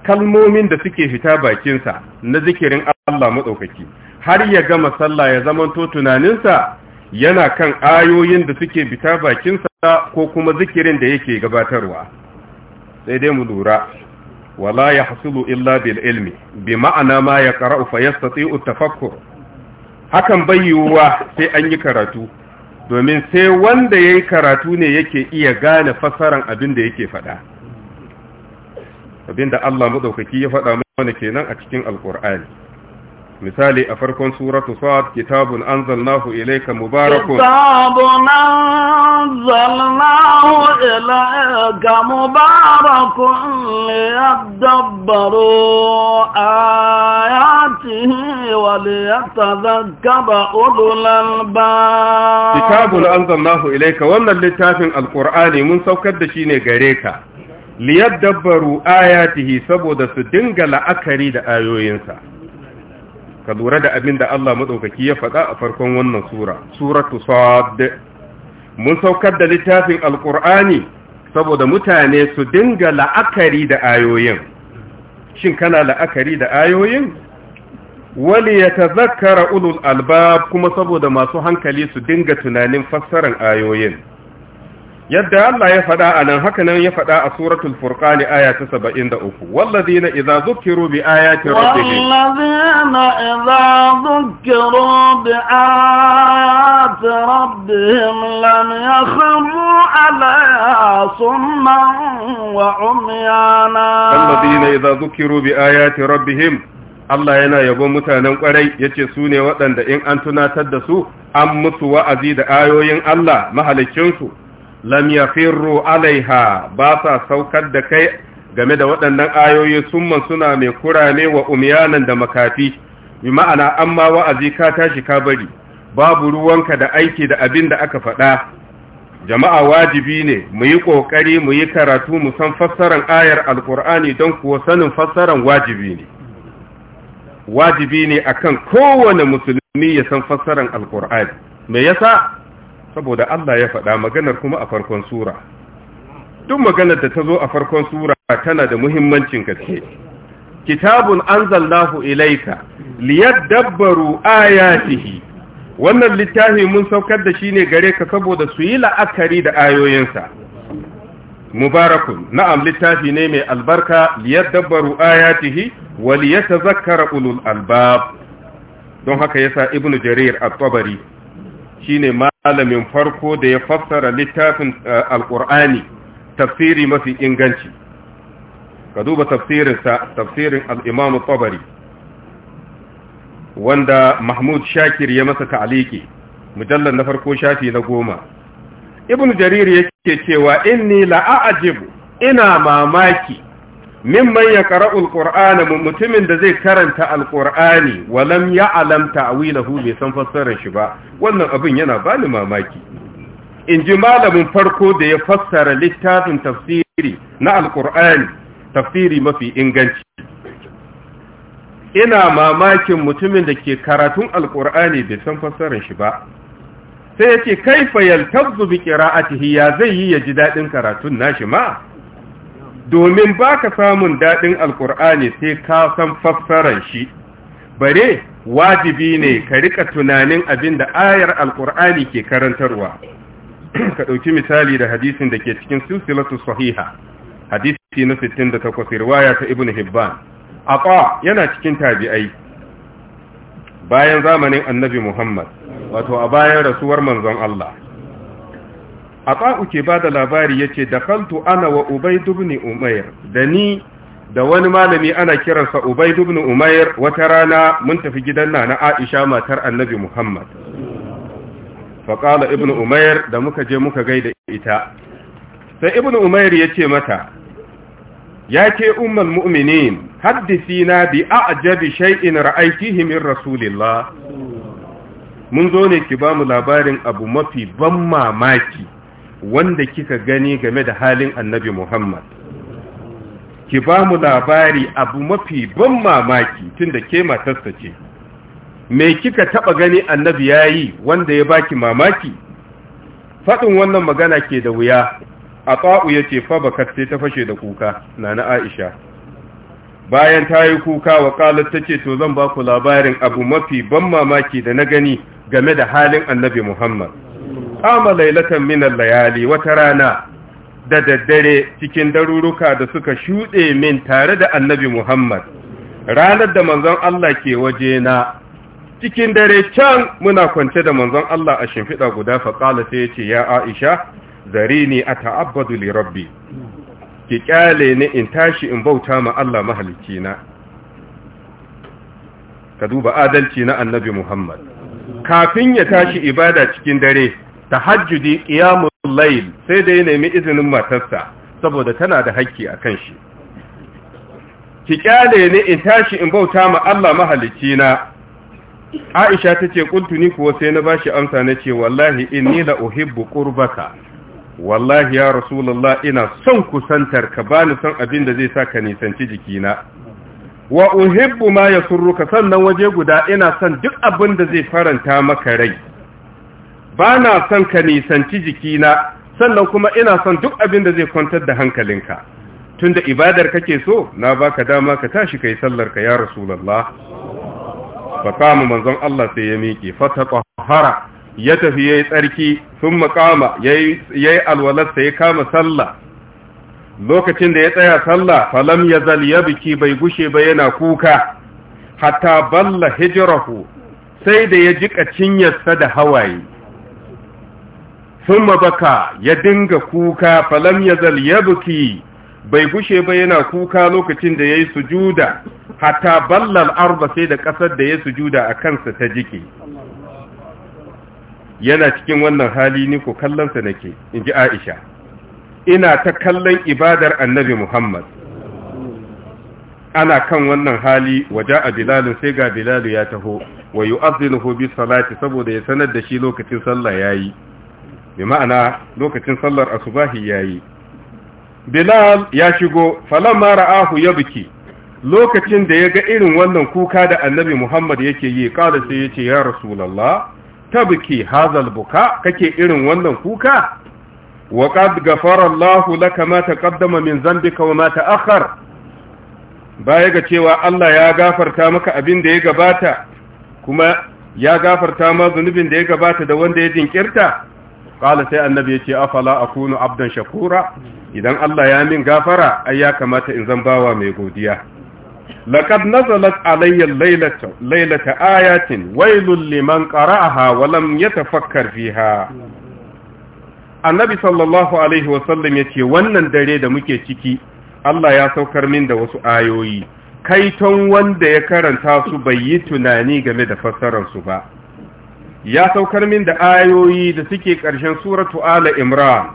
Speaker 3: kalmomin da suke fita bakinsa na zikirin Allah madaukaki har ya gama sallah ya zamanto tunaninsa yana kan ayoyin da suke fita bakinsa ko kuma zikirin da yake gabatarwa sai dai mu lura wala yahsulu illa bil ilmi bi ma'ana ma yaqra'u fa yastati'u tafakkur hakan bai yiwuwa sai an yi karatu domin sai wanda ya yi karatu ne yake iya gane fasaran abin da yake faɗa abin da Allah maɗaukaki ya faɗa mana kenan a cikin alƙur'ani misali a farkon suratu sad kitabun anzalnahu ilayka mubarakun
Speaker 1: kitabun anzalnahu ilayka mubarakun liyadabbaru ayatihi wa liyatadhakkara ulul ba. kitabun
Speaker 3: anzalnahu ilayka wannan littafin Alƙur'ani mun saukar da shi ne gare ka liyadabbaru ayatihi saboda su dinga la'akari da ayoyinsa ka lura da abin da Allah maɗaukaki ya faɗa a farkon wannan sura suratu sad mun saukar da littafin alkur'ani saboda mutane su dinga la'akari da ayoyin shin kana la'akari da ayoyin wali ya tazakkara ulul albab kuma saboda masu hankali su dinga tunanin fassarar ayoyin yadda Allah ya faɗa a nan haka nan ya faɗa a suratul furqani aya ta 73 wallazina idza zukiru bi ayati rabbihim
Speaker 1: wallazina idza zukiru bi ayati rabbihim lam yakhru alaiha summan wa umyana wallazina
Speaker 3: idza zukiru bi ayati rabbihim Allah yana yabon mutanen kwarai yace su ne waɗanda in an tunatar da su an mutu wa'azi da ayoyin Allah su. lam yafirru alaiha ba sa saukar da kai game da waɗannan ayoyi summan suna mai kurame wa umyanan da makafi bi ma'ana amma wa'azi ka tashi ka bari babu ruwanka da aiki da abin da aka faɗa jama'a wajibi ne mu yi ƙoƙari mu yi karatu mu san fassaran ayar alƙur'ani don kuwa sanin fassaran wajibi ne wajibi ne akan kowane musulmi ya san fassaran alƙur'ani me yasa saboda Allah ya faɗa maganar kuma a farkon sura duk maganar da ta zo a farkon sura tana da muhimmancin gaske kitabun anzalnahu ilayka liyadabbaru ayatihi wannan littafi mun saukar da shi ne gare ka saboda su yi la'akari da ayoyinsa mubarakun na'am littafi ne mai albarka liyadabbaru ayatihi wa liyatazakkara ulul albab don haka yasa ibnu jarir at-tabari shine alamin farko da ya fassara littafin eh, alqur'ani tafsiri mafi inganci ka duba tafsirin sa tafsirin al-imam tabari wanda mahmud shakir ya masa ta'aliki mujallar na farko shafi na goma ibn jarir yake cewa inni la'ajibu ina mamaki mimman ya qara'ul qur'ana mutumin da zai karanta alqur'ani walam ya'lam ta'wilahu bai san fassarar shi ba wannan abin yana ba ni mamaki in ji malamin farko da ya fassara littafin tafsiri na alqur'ani tafsiri mafi inganci ina mamakin mutumin da ke karatun alƙur'ani bai san fassarar shi ba sai yace kaifa yaltabzu bi qira'atihi ya zai yi ya ji daɗin karatun nashi ma domin ba ka samun daɗin Alƙur'ani sai ka san fassarar shi bare wajibi ne ka rika tunanin abin da ayar Alƙur'ani ke karantarwa ka ɗauki misali da hadisin da ke cikin silsilatu sahiha hadisi na 68 riwaya ta ibn hibban aqa yana cikin tabi'ai bayan zamanin annabi muhammad wato a bayan rasuwar manzon Allah ata'u ke ba da labari yace kaltu ana wa Ubai Dubni umayr da ni da wani malami ana kiransa Ubai Dubni umayr wata rana mun tafi gidan na aisha matar annabi muhammad faƙala ibn umair da muka je muka gaida ita sai ibn umair ya ce mata ya ke umar mu'minin haddisi na bi a ajabi shai'in ra'aikihi rasulillah mun zo ne ki ba mu labarin abu mafi ban mamaki wanda kika gani game da halin annabi Muhammad ki ba mu labari abu mafi ban mamaki tunda ke matarsa ce me kika taɓa gani annabi ya yi wanda ya baki mamaki Faɗin wannan magana ke da wuya a ƙa'u ya ce fabakat sai ta fashe da kuka na na aisha bayan ta yi kuka wa ƙalar ta ce to zan ba ku labarin abu mafi ban mamaki da na gani game da halin annabi muhammad kama lailatan minan layali wata rana da daddare cikin daruruka da suka shuɗe min tare da annabi Muhammad ranar da manzon Allah ke waje na cikin dare can muna kwance da manzon Allah a shimfiɗa guda faƙala sai ya ce ya Aisha zarini a ta'abbadu li rabbi ki ƙyale ni in tashi in bauta ma Allah mahalicci na ka duba adalci na annabi Muhammad kafin ya tashi ibada cikin dare tahajjudi qiyamul layl sai da ya nemi izinin matarsa saboda tana da haƙƙi akan shi ki kyale ni, in tashi in bauta ma Allah mahalicci na Aisha tace kuntu ni kuwa sai na bashi amsa na ce wallahi inni la uhibbu qurbaka wallahi ya rasulullah ina son kusantar ka bani son abin da zai saka nisanci jikina wa uhibbu ma yasurruka sannan waje guda ina son duk abin da zai faranta maka rai ba na son ka nisanci jikina sannan kuma ina son duk abin da zai kwantar da hankalinka tunda ibadar kake so na ba ka dama ka tashi yi sallar ka ya Rasulallah. Ba kama manzon Allah sai ya miƙe ƙwahara ya tafi ya yi tsarki sun makama ya yi alwalarsa ya kama sallah lokacin da ya tsaya sallah falam ya biki bai gushe ba yana kuka hatta balla hijirahu, sai da ya jika cinyarsa da hawaye thumma baka ya dinga kuka falam yazal yabki bai gushe ba yana kuka lokacin da yayi sujuda hatta ballal arba sai da kasar da yayi sujuda a kansa ta jiki yana cikin wannan hali ni ko kallon sa nake inji Aisha ina ta kallon ibadar Annabi Muhammad ana kan wannan hali waje a bilalin sai ga bilalu ya taho wa yi bi salati saboda ya sanar da shi lokacin sallah yayi bi ma'ana lokacin sallar asubahi yayi bilal ya shigo falamma ra'ahu yabki lokacin da ya ga irin wannan kuka da annabi muhammad yake yi kada sai yace ya rasulullah tabki hazal buka kake irin wannan kuka wa qad ghafara allah laka ma taqaddama min dhanbika wa ma ta'akhkhar baya ga cewa allah ya gafarta maka abin da ya gabata kuma ya gafarta ma zunubin da ya gabata da wanda ya jinkirta kala sai annabi yace afala a kunu abdan shakura idan Allah ya min gafara ai ya kamata in zan bawa mai godiya laqad nazalat alayya laylata laylata ayatin wailul liman qara'aha wa lam yatafakkar fiha annabi sallallahu alaihi wa sallam yace wannan dare da muke ciki Allah ya saukar min da wasu ayoyi kaiton wanda ya karanta su bai yi tunani game da fassararsu ba يا saukar من da ayoyi da suke ƙarshen سورة آل imran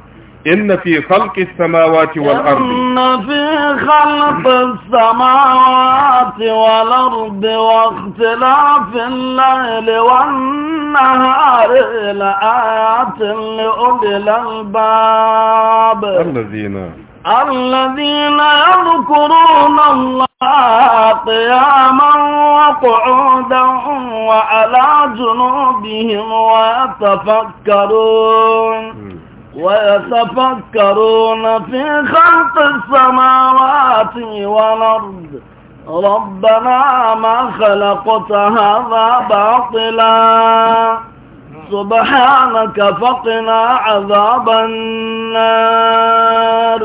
Speaker 3: إن في خلق السماوات والأرض
Speaker 1: إن في خلق السماوات والأرض واختلاف الليل والنهار لآيات لأولي الألباب
Speaker 2: الذين
Speaker 1: الذين يذكرون الله قياما وقعودا وعلى جنوبهم ويتفكرون ويتفكرون في خلق السماوات والأرض ربنا ما خلقت هذا باطلا سبحانك فقنا عذاب النار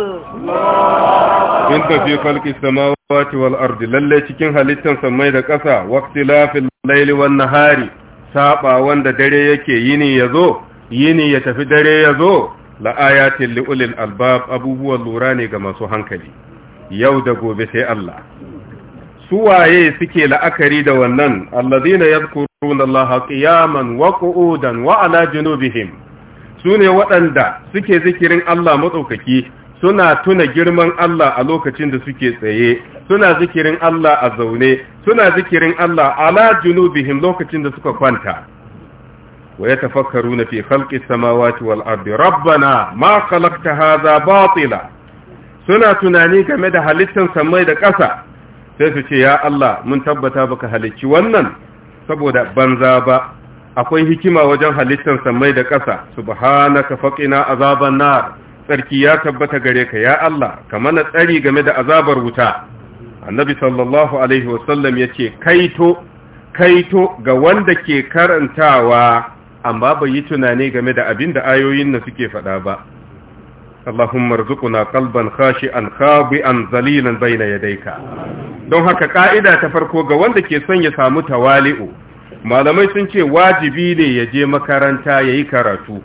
Speaker 1: انت في
Speaker 3: خلق السماوات والارض lalle cikin halittar samai da ƙasa waqtilafil layli wan nahari saba wanda dare yake yini yazo yini ya tafi dare yazo la ayatin li ulil albab abubuwan lura ne ga masu hankali yau da gobe sai Allah su waye suke la'akari da wannan Allah allazina yadhkuru يذكرون الله قياما وقعودا وعلى جنوبهم sune waɗanda suke zikirin Allah matsaukaki suna tuna girman Allah a lokacin da suke tsaye suna zikirin Allah a zaune suna zikirin Allah ala junubihim lokacin da suka kwanta wa yatafakkaruna fi khalqis samawati wal ardi rabbana ma khalaqta hadha batila suna tunani game da halittan samai da ƙasa sai su ce ya Allah mun tabbata baka halicci wannan saboda banza ba akwai hikima wajen halittar samai da ƙasa subhanaka faqina azaban nar tsarki ya tabbata gare ka ya Allah kamar na tsari game da azabar wuta annabi sallallahu alaihi wasallam yace kaito kaito ga wanda ke karantawa amma bai yi tunani game da abin da ayoyin na suke faɗa ba Allahumma arzuqna qalban khashi'an khabi'an zalilan bayna yadayka don haka ka'ida ta farko ga wanda ke son ya samu tawali'u malamai sun ce wajibi ne ya je makaranta ya yi karatu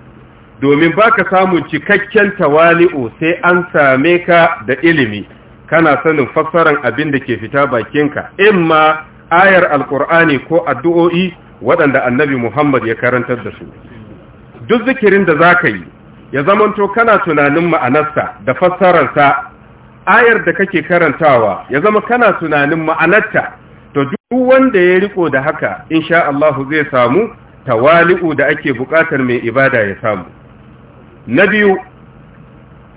Speaker 3: domin ba ka samun cikakken tawali'u sai an same ka da ilimi kana sanin fassaran abin da ke fita bakinka In ma ayar alkur'ani ko addu'o'i waɗanda annabi muhammad ya karantar da su duk zikirin da za ka yi ya zamanto kana tunanin ma'anarsa da fassararsa ayar da kake karantawa ya zama kana tunanin ma'anarta to duk wanda ya riko da haka insha Allah zai samu tawali'u da ake buƙatar mai ibada ya samu na biyu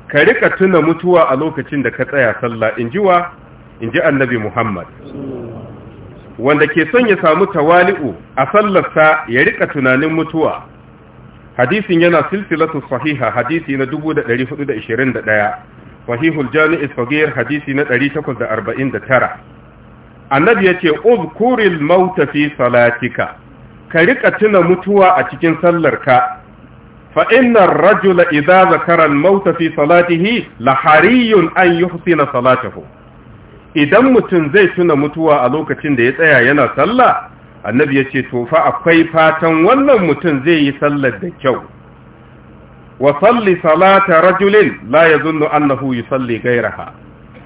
Speaker 3: ka rika tuna mutuwa a lokacin da ka tsaya sallah in jiwa in ji annabi Muhammad wanda ke son ya samu tawali'u a sallarsa ya rika tunanin mutuwa hadisin yana silsilatu sahiha hadisi na 1421 sahihul jami'i sagir hadisi na 849 annabi yace uzkuril mauta fi salatika ka rika tuna mutuwa a cikin sallarka fa inna rajula idza zakara al-mauta fi salatihi la hariyun an yuhsina salatahu idan mutum zai tuna mutuwa a lokacin da ya tsaya yana sallah annabi yace to fa akwai fatan wannan mutum zai yi sallar da kyau wa salli salata rajulin la yazunnu annahu yusalli gairaha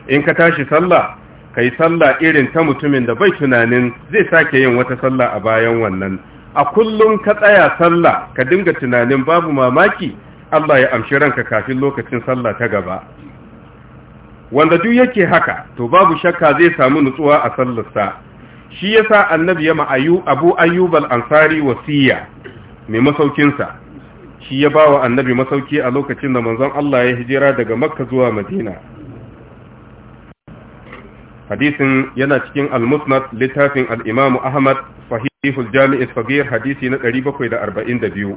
Speaker 3: in ka tashi sallah kai sallah irin ta mutumin da bai tunanin zai sake yin wata sallah a bayan wannan a kullum ka tsaya sallah ka dinga tunanin babu mamaki Allah ya amshi ranka kafin lokacin sallah ta gaba wanda duk yake haka to babu shakka zai samu nutsuwa a sallarsa shi yasa annabi ya ma'ayu abu ayyubal ansari wasiya mai masaukinsa shi ya ba wa annabi masauki a lokacin da manzon Allah ya hijira daga makka zuwa madina hadisin yana cikin al-musnad littafin al-imam ahmad sahihul jami' al saghir hadisi na 742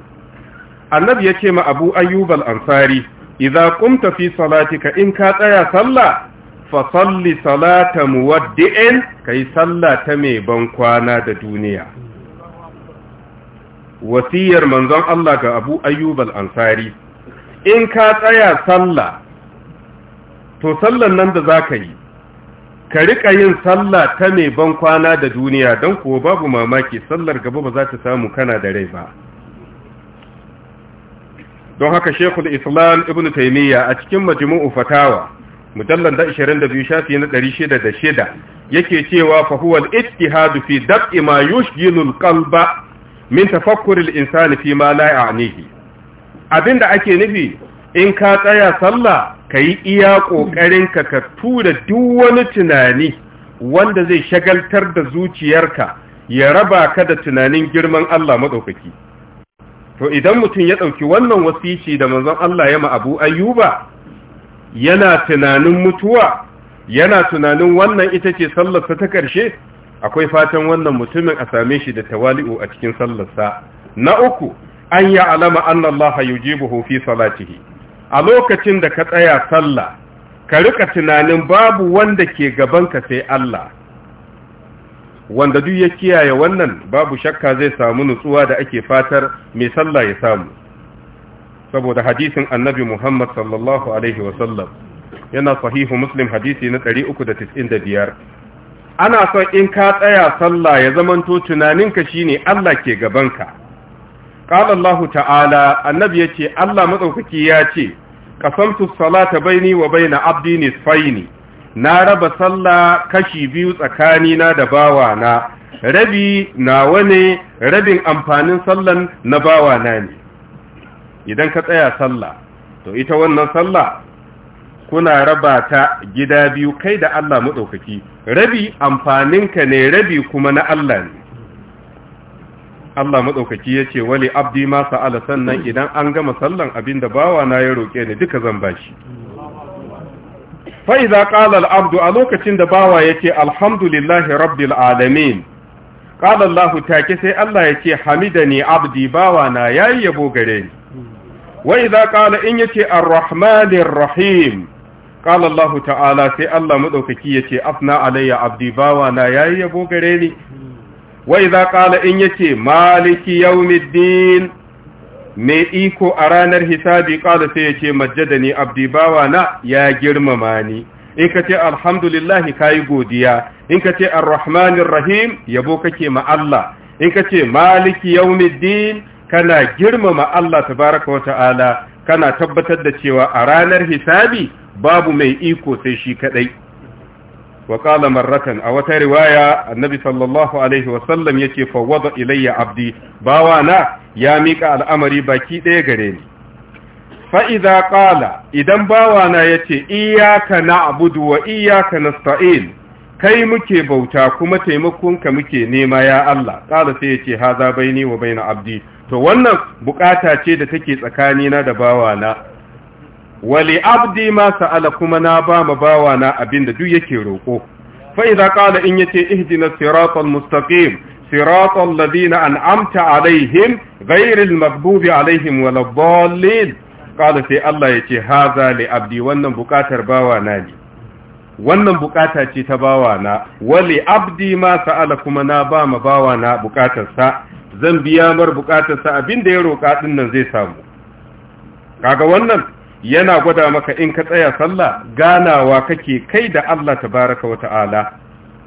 Speaker 3: annabi ya ce ma abu ayyub al-ansari idza qumta fi salatika in ka tsaya sallah fa salli salata muwaddi'in kai ta mai ban kwana da duniya wasiyar manzon Allah ga Abu Ayyub al-Ansari in ka tsaya sallah to sallan nan da zaka yi ka rika yin sallah ta mai ban kwana da duniya don kuwa babu mamaki sallar gaba ba za ta samu kana da rai ba don haka Sheikhul islam ibn taimiyya a cikin majmu'u fatawa mujallar da 22 shafi na 606 yake cewa fahuwal ittihadu fi dab'i ma yushghilul qalba min tafakkuril insani fi ma la ya'nihi abinda ake nufi in ka tsaya sallah kai iya kokarin ka ka tura duk wani tunani wanda zai shagaltar da zuciyarka ya raba ka da tunanin girman Allah madaukaki to idan mutum ya dauki wannan wasici da manzon Allah ya ma Abu Ayyuba yana tunanin mutuwa yana tunanin wannan ita ce sallarsa ta ƙarshe akwai fatan wannan mutumin a same shi da tawali'u a cikin sallarsa na uku an alama anna Allah yujibuhu fi salatihi a lokacin da ka tsaya sallah ka rika tunanin babu wanda ke gabanka sai Allah wanda duk ya kiyaye wannan babu shakka zai samu nutsuwa da ake fatar mai sallah ya samu saboda hadisin annabi Muhammad sallallahu alaihi wasallam yana sahihu muslim hadisi na 395 ana so in ka tsaya sallah ya zamanto tunaninka shine Allah ke gabanka qala Allah ta'ala annabi yace Allah matsaukaki ya ce qasamtu salata baini wa baina abdi nisfaini na raba sallah kashi biyu tsakanina da bawana rabi na wani rabin amfanin sallan na bawana ne idan ka tsaya sallah to ita wannan sallah kuna raba ta gida biyu kai da Allah maɗaukaki rabi amfaninka ne rabi kuma na Allah ne Allah maɗaukaki ya ce wani abdi ma sa'ala sannan idan an gama sallan abinda bawa na ya roƙe ni duka zan bashi fa'iza ƙala al'abdu a lokacin da bawa ya ce alhamdulillahi rabbil alamin ƙala Allah take sai Allah ya ce hamida ne abdi bawa na ya yi yabo gare ni wa'iza ƙala in yace ce arrahmanir rahim qala ta'ala sai Allah madaukaki yace afna alayya abdi bawa na yayi yabo gare ni wa idza qala in yace maliki yawmiddin me iko a ranar hisabi qala sai yace majjadani abdi bawa na ya girmama ni in kace ce alhamdulillah kayi godiya in kace ce arrahmanir rahim yabo kake ma Allah in kace ce maliki yawmiddin kana girmama Allah tabaraka wata'ala kana tabbatar da cewa a ranar hisabi babu mai iko sai shi kadai wa qala marratan a wata riwaya annabi sallallahu alaihi wa sallam yake fawwada ilayya abdi bawana ya mika al'amari baki daya gare ni fa idza qala idan bawana yace iyyaka na'budu wa iyyaka nasta'in kai muke bauta kuma taimakonka muke nema ya Allah ƙala sai ya ce haza baini wa baina abdi to wannan bukata ce da take tsakanina da bawana wali abdi ma sa'ala kuma na ba ma bawana abinda duk yake roko fa idza qala in yace ihdina siratal mustaqim siratal ladina an'amta alaihim ghayril maghdubi alaihim waladdallin qala sai Allah yace haza li abdi wannan bukatar bawana ne wannan bukata ce ta bawana wali abdi ma sa'ala kuma na ba ma bawana bukatarsa zan biya mar bukatarsa abinda ya roƙa din nan zai samu kaga wannan yana gwada maka in ka tsaya sallah ganawa kake kai da Allah tabaraka wa ta'ala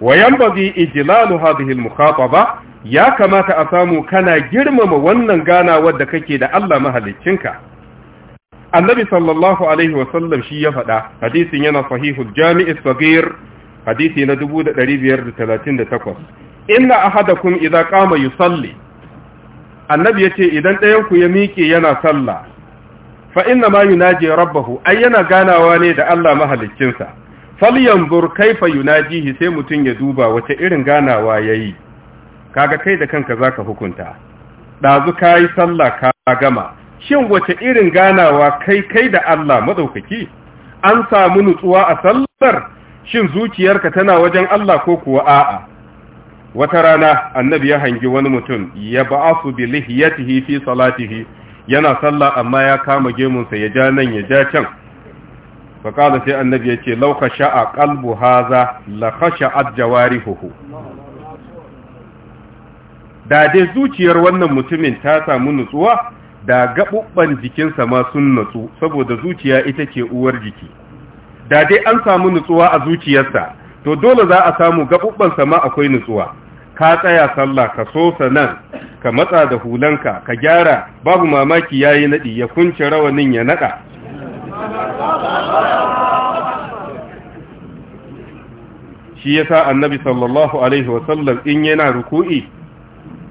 Speaker 3: wa yanbaghi ijlalu hadhihi al-mukhataba ya kamata a samu kana girmama wannan ganawar da kake da Allah mahaliccinka annabi sallallahu alaihi wasallam shi ya faɗa hadisin yana sahihul jami'is sagir hadisi na 1538 inna ahadakum idza qama yusalli annabi yace idan ɗayan ku ya miƙe yana sallah fa inna ma yunaji rabbahu ai yana ganawa ne da Allah mahaliccinsa falyanzur kaifa yunajihi sai mutun ya duba wace irin ganawa yayi kaga kai da kanka zaka hukunta dazu kai sallah ka gama shin wace irin ganawa kai kai da Allah madaukaki an samu nutsuwa a sallar shin zuciyarka tana wajen Allah ko kuwa a'a wata rana annabi ya hangi wani mutum ya ba'asu bi lihiyatihi fi salatihi yana sallah amma ya kama gemunsa ya ja nan ya ja can faƙada sai annabi ya ce lauka sha'a ƙalbu haza lakasha ajawari da dai zuciyar wannan mutumin ta samu nutsuwa da gaɓuɓɓan jikinsa ma sun natsu saboda zuciya ita ke uwar jiki da dai an samu nutsuwa a zuciyarsa to dole za a samu gaɓuɓɓansa ma akwai nutsuwa ka tsaya sallah ka sosa nan ka matsa da hulanka ka gyara babu mamaki ya yi naɗi ya kunce rawanin ya naɗa shi ya annabi sallallahu alaihi wasallam in yana ruku'i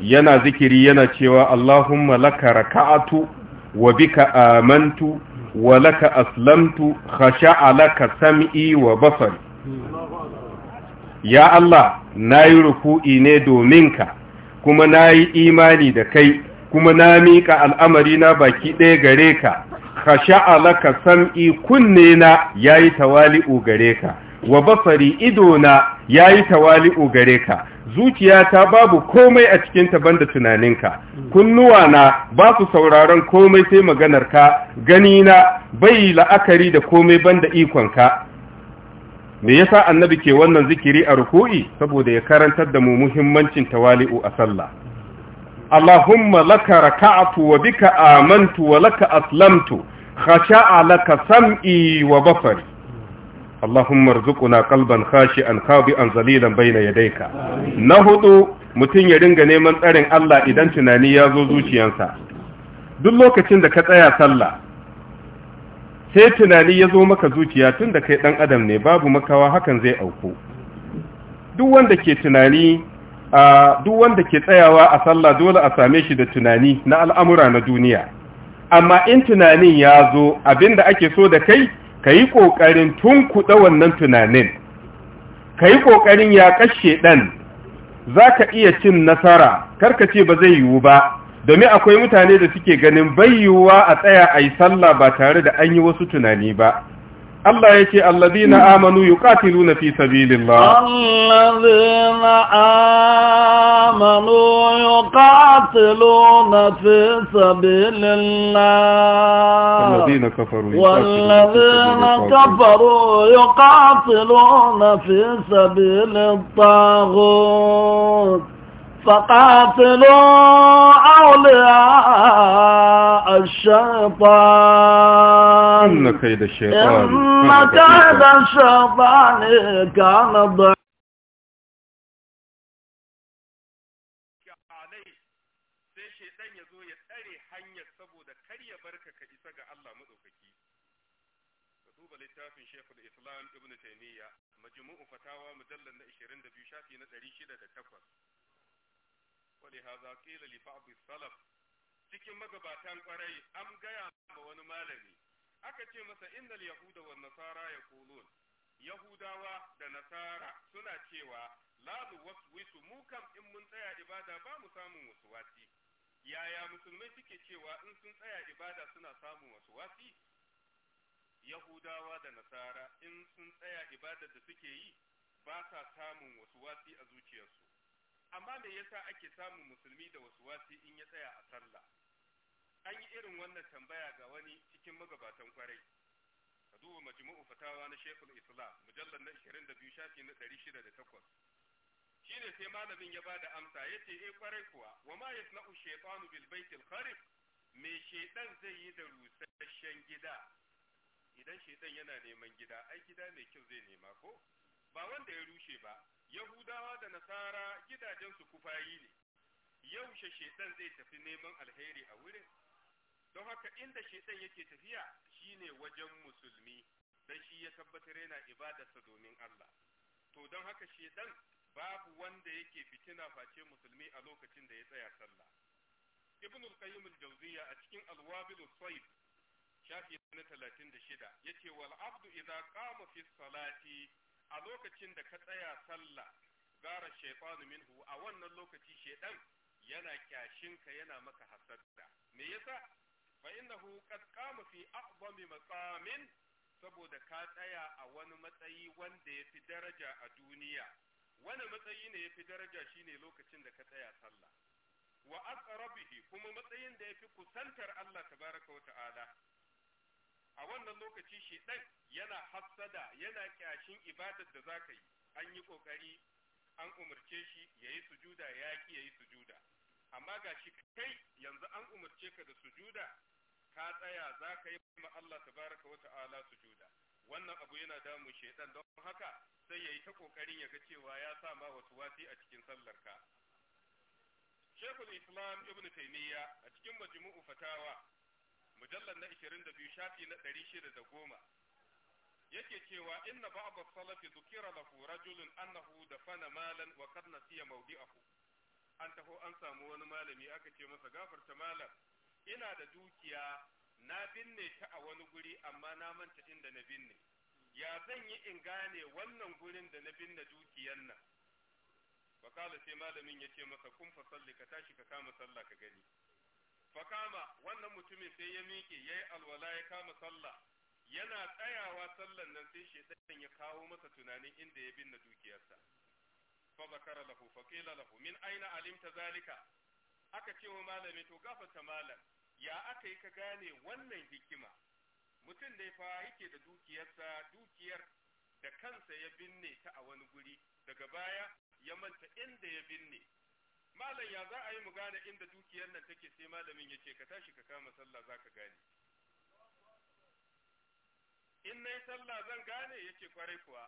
Speaker 3: yana zikiri yana cewa Allahumma laka raka'atu wa bika amantu wa laka aslamtu khasha'a laka sam'i wa basari ya Allah nayi ruku'i ne domin ka kuma nayi imani da kai kuma na mika al'amari na baki ɗaya gare ka khasha'a laka sam'i kunne na yayi tawali'u gare ka wa basari idona na yayi tawali'u gare ka zuciyata babu komai a cikin ta banda tunaninka kunnuwa na ba su sauraron komai sai maganar ka gani na bai la'akari da komai banda ka me yasa annabi ke wannan zikiri a ruku'i saboda ya karantar da mu muhimmancin tawali'u a sallah Allahumma laka raka'atu wa bika amantu wa laka aslamtu khasha'a laka sam'i wa basari اللهم ارزقنا قلبا خاشعا خاضعا ذليلا بين يديك نهض mutum ya ringa neman tsarin Allah idan tunani ya zo duk lokacin da ka tsaya sallah sai tunani ya zo maka zuciya tun da kai dan adam ne babu makawa hakan zai auku duk wanda ke tunani a duk wanda ke tsayawa a sallah dole a same shi da tunani na al'amura na duniya amma in tunanin ya zo abinda ake so da kai ka yi ƙoƙarin tunkuɗa wannan tunanin ka yi ƙoƙarin ya ƙashe ɗan, za ka iya cin nasara karka ce ba zai yiwu ba domin akwai mutane da suke ganin bai yiwuwa a tsaya a yi sallah ba tare da an yi wasu tunani ba Allah ya ce allazina amanu yuqatiluna fi sabilillah
Speaker 1: allazina amanu yuqatiluna fi sabilillah allazina
Speaker 2: kafaru wallazina
Speaker 1: kafaru yuqatiluna fi sabilit taghut فقاتلوا أولياء الشيطان
Speaker 2: إن كيد الشيطان
Speaker 1: كان ضعيفا
Speaker 3: malami aka ce masa innal yahuda wan nasara yaqulun yahudawa da nasara suna cewa la nuwaswisu mu kam in mun tsaya ibada ba mu samun wasi. yaya musulmai suke cewa in sun tsaya ibada suna samun wasi? yahudawa da nasara in sun tsaya ibada da suke yi ba sa samun wasi a zuciyarsu amma me yasa ake samun musulmi da wasi in ya tsaya a sallah an yi irin wannan tambaya ga wani cikin magabatan kwarai ka duba majmu'u fatawa na shekul islam mujallar na 22 shafi na 608 shine sai malamin ya bada amsa ya ce eh kwarai kuwa wa ma yasna'u shaytanu bil baitil kharif me shaytan zai yi da rusasshen gida idan shaytan yana neman gida ai gida mai kyau zai nema ko ba wanda ya rushe ba yahudawa da nasara gidajen su kufayi ne yaushe shaytan zai tafi neman alhe inda shaitan yake tafiya shine wajen musulmi dan shi ya tabbatar yana ibadarsa domin Allah to don haka shaitan babu wanda yake fitina face musulmi a lokacin da ya tsaya sallah ibn al-qayyim al a cikin al-wabil sayyid shafi na 36 yace wal abdu idza qama fi salati a lokacin da ka tsaya sallah gara shaytanu minhu a wannan lokaci shaytan yana kyashinka yana maka hasada me yasa fa innahu qad qama fi a'zami saboda ka tsaya a wani matsayi wanda ya fi daraja a duniya wani matsayi ne ya fi daraja shine lokacin da ka tsaya sallah wa aqrabihi kuma matsayin da ya fi kusantar Allah tabaraka wa ta'ala a wannan lokaci shedan yana hassada yana kyashin ibadar da zaka yi an yi kokari an umarce shi yayi sujuda ya yayi sujuda amma ga shi kai yanzu an umarce ka da sujuda ka tsaya za ka yi ma Allah tabaraka wa ta'ala sujuda wannan abu yana damun shaidan don haka sai ya yi ta kokarin ya ga cewa ya sa ma wasu wasi a cikin sallarka shekul islam ibn taimiyya a cikin majmu'u fatawa mujallar na 22 shafi na 610 yake cewa inna ba'd as-salafi dhukira lahu rajulun annahu dafana malan wa qad nasiya mawdi'ahu an taho an samu wani malami aka ce masa 'Gafar ta malam ina da dukiya na binne ta a wani guri amma na manta inda na binne ya zan yi in gane wannan gurin da na binne dukiyan nan fakala sai malamin ya ce masa kun Salli ka tashi ka kama sallah ka gani fakama wannan mutumin sai ya miƙe ya yi alwala ya kama sallah yana tsayawa sallan nan sai shaitan ya kawo masa tunanin inda ya binne dukiyarsa فذكر له فقيل له من lahu min aina alimta zalika aka cewa wa malami to gafarta malam ya aka yi ka gane wannan hikima mutum ne fa yake da dukiyarsa dukiyar da kansa ya binne ta a wani guri daga baya ya manta inda ya binne malam ya za a yi mu gane inda dukiyar nan take sai malamin ya ce ka tashi ka kama sallah za ka gane in na yi sallah zan gane ya ce kwarai kuwa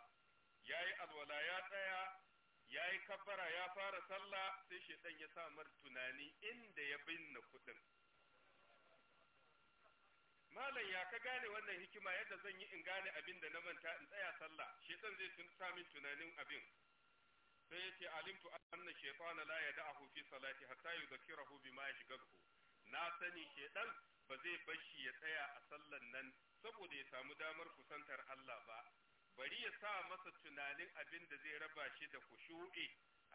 Speaker 3: ya yi alwala ya tsaya ya yi kabbara ya fara sallah sai shaitan ya samar tunani inda ya binne kudin. malam ya ka gane wannan hikima yadda zan yi in gane abin da na manta in tsaya sallah shaitan zai min tunanin abin sai ya ce alimtu anna shaitana la yada'ahu fi salati hatta yudhkirahu bima yashghahu na sani shaitan ba zai bashi ya tsaya a sallan nan saboda ya samu damar kusantar Allah ba bari ya sa masa tunanin abin da zai raba shi da kushu'i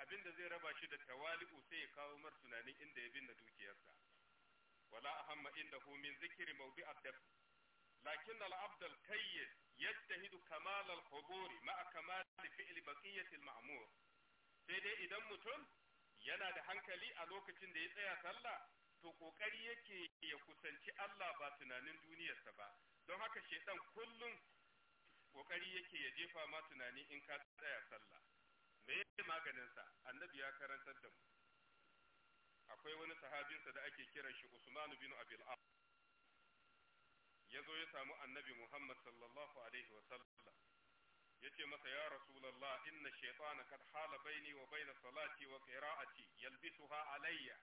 Speaker 3: abin da zai raba shi da tawali'u sai ya kawo mar tunanin inda ya binne dukiyarsa wala ahamma indahu min zikri mawdi abdaf lakin al abd al kayyis yajtahidu kamal al ma'a kamal fi'l baqiyati al ma'mur sai dai idan mutum yana da hankali a lokacin da ya tsaya sallah to kokari yake ya kusanci Allah ba tunanin duniyarsa ba don haka shedan kullum kokari yake ya jefa ma tunani in ka tsaya sallah me yake maganinsa annabi ya karantar da mu akwai wani sahabinsa da ake kiran shi usman bin abil as ya zo ya samu annabi muhammad sallallahu alaihi wa sallam ya ce masa ya rasulallah inna shaitana kad hala baini wa baina salati wa qira'ati yalbisuha alayya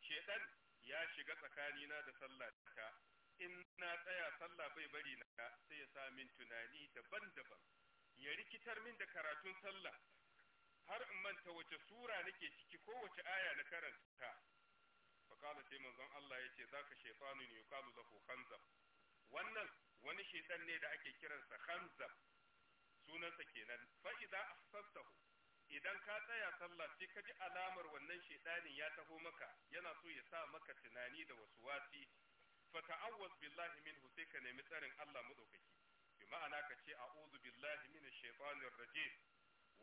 Speaker 3: shaitan ya shiga tsakanina da sallata in na tsaya sallah bai bari na sai ya sa min tunani daban-daban ya rikitar min da karatun sallah har in manta wace sura nake ciki ko wace aya na karanta fakala sai manzon Allah ya ce zaka shaytanu ne yukalu lahu khanzab wannan wani shaytan ne da ake kiransa khanzab sunansa kenan fa idza ahsastahu idan ka tsaya sallah sai ka ji alamar wannan shaytanin ya taho maka yana so ya sa maka tunani da wasu wasi fata'awwaz billahi minhu sai ka nemi tsarin Allah madaukaki bi ma'ana ka ce a'udhu billahi minash shaitanir rajim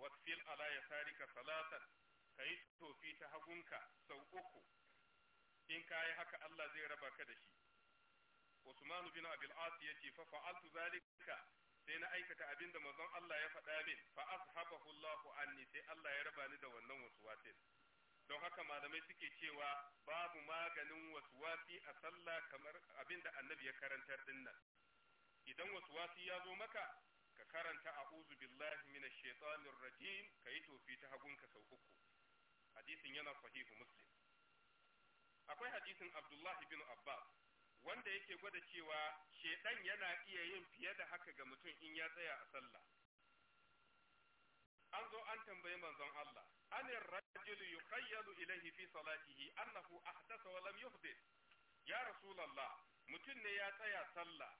Speaker 3: wasfil ala yasarika salatan kai tofi ta hagunka sau uku in kayi haka Allah zai raba ka da shi Usman bin Abil As yace fa fa'altu zalika sai na aikata abinda manzon Allah ya faɗa min fa azhabahu Allah anni sai Allah ya raba ni da wannan waswasin don haka malamai suke cewa babu maganin wasuwasi a sallah kamar abin da annabi ya karantar dinnan idan wasu wasi ya zo maka ka karanta a'udhu billahi minash shaitanir rajim kai tofi ta hagunka sau uku hadisin yana sahihu muslim akwai hadisin abdullahi bin abbas wanda yake gwada cewa shedan yana iya yin fiye da haka ga mutum in ya tsaya a sallah an zo an tambayi manzon Allah anir rajulu yukhayyalu ilayhi fi salatihi annahu ahdasa wa lam yuhdith ya rasulullah mutum ne ya tsaya sallah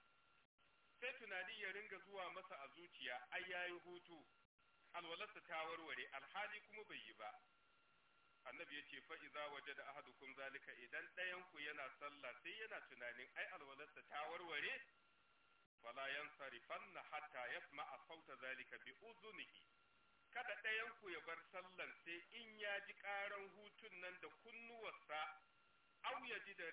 Speaker 3: sai tunani ya ringa zuwa masa a zuciya ai yayi hutu alwalarsa ta warware alhali kuma bai yi ba annabi ya ce fa'iza waje da ahadukum zalika idan ɗayanku yana sallah sai yana tunanin ai alwalarsa ta warware fala yan na hatta ya a sauta zalika bi uzunihi kada ɗayanku ya bar sallan sai in ya ji ƙaran hutun nan da kunnuwarsa au ya ji da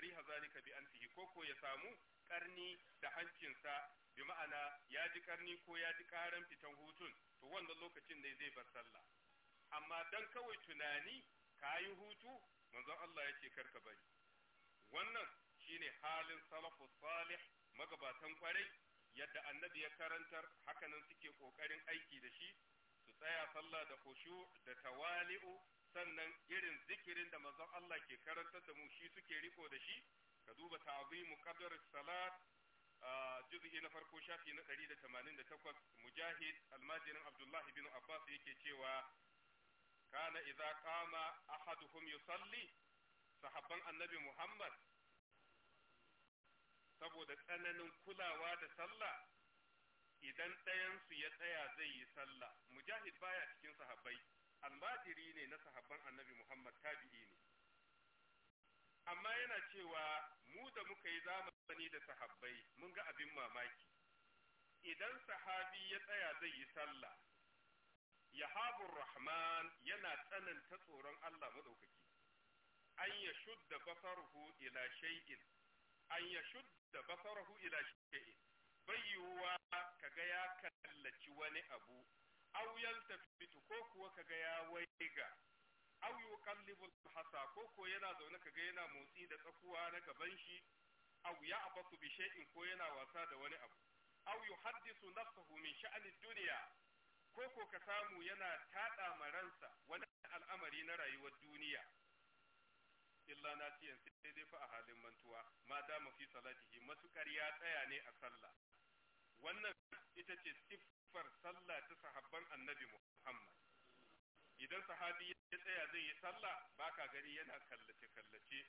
Speaker 3: riha zalika bi anfihi ko ya samu karni da hancinsa bi ma'ana ya ji ƙarni ko ya ji ƙaran fitan hutun to wannan lokacin ne zai bar sallah amma dan kawai tunani ka yi hutu manzon Allah ya ce karka bari wannan shine halin salafu salih magabatan kwarai yadda annabi ya karantar hakanan suke kokarin aiki da shi tsaya sallah da khushu da tawali'u sannan irin zikirin da manzon Allah ke karantar da mu shi suke riko da shi ka duba ta'zimu qadr salat juz'i na farko shafi na 188 mujahid almajirin abdullah ibn abbas yake cewa kana idza qama ahaduhum yusalli sahabban annabi muhammad saboda tsananin kulawa da sallah idan ɗayansu ya tsaya zai yi sallah mujahid baya cikin sahabbai almajiri ne na sahabban annabi muhammad tabi'i ne amma yana cewa mu da muka yi zamani da sahabbai mun ga abin mamaki idan sahabi ya tsaya zai yi sallah yahabur rahman yana tsananta tsoron allah maɗaukaki an ya shudda basarhu ila shay'in an ya shudda ila shay'in bai yiwuwa kaga ya kallaci wani abu aw yaltafitu ko kuwa kaga ya waiga aw yuqallibu hasa ko ko yana zaune kaga yana motsi da tsakuwa na gaban shi aw ya'basu bi shay'in ko yana wasa da wani abu aw yuhaddisu nafsahu min sha'ani dunya ko ko ka samu yana tada maransa wani al'amari na rayuwar duniya illa nasiyan sai dai fa a halin mantuwa ma da mafi salatihi matukar ya tsaya ne a sallah wannan ita ce siffar sallah ta sahabban annabi Muhammad idan sahabi ya tsaya zai yi sallah ba ka gani yana kallace kallace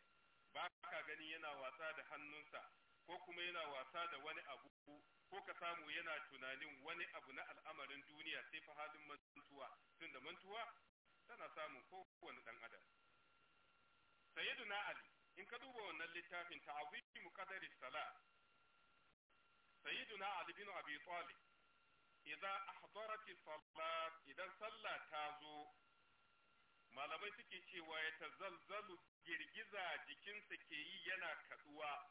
Speaker 3: ba ka gani yana wasa da hannunsa ko kuma yana wasa da wani abu ko ka samu yana tunanin wani abu na al'amarin duniya sai fa halin mantuwa tunda mantuwa tana samun kowane dan adam sayyiduna ali in ka duba wannan littafin mu kadari salat Sayidu sayyiduna ali bin abi talib idza ahdarat salat idan sallah ta zo malamai suke cewa ya tazalzalu girgiza jikinsa ke yi yana kaduwa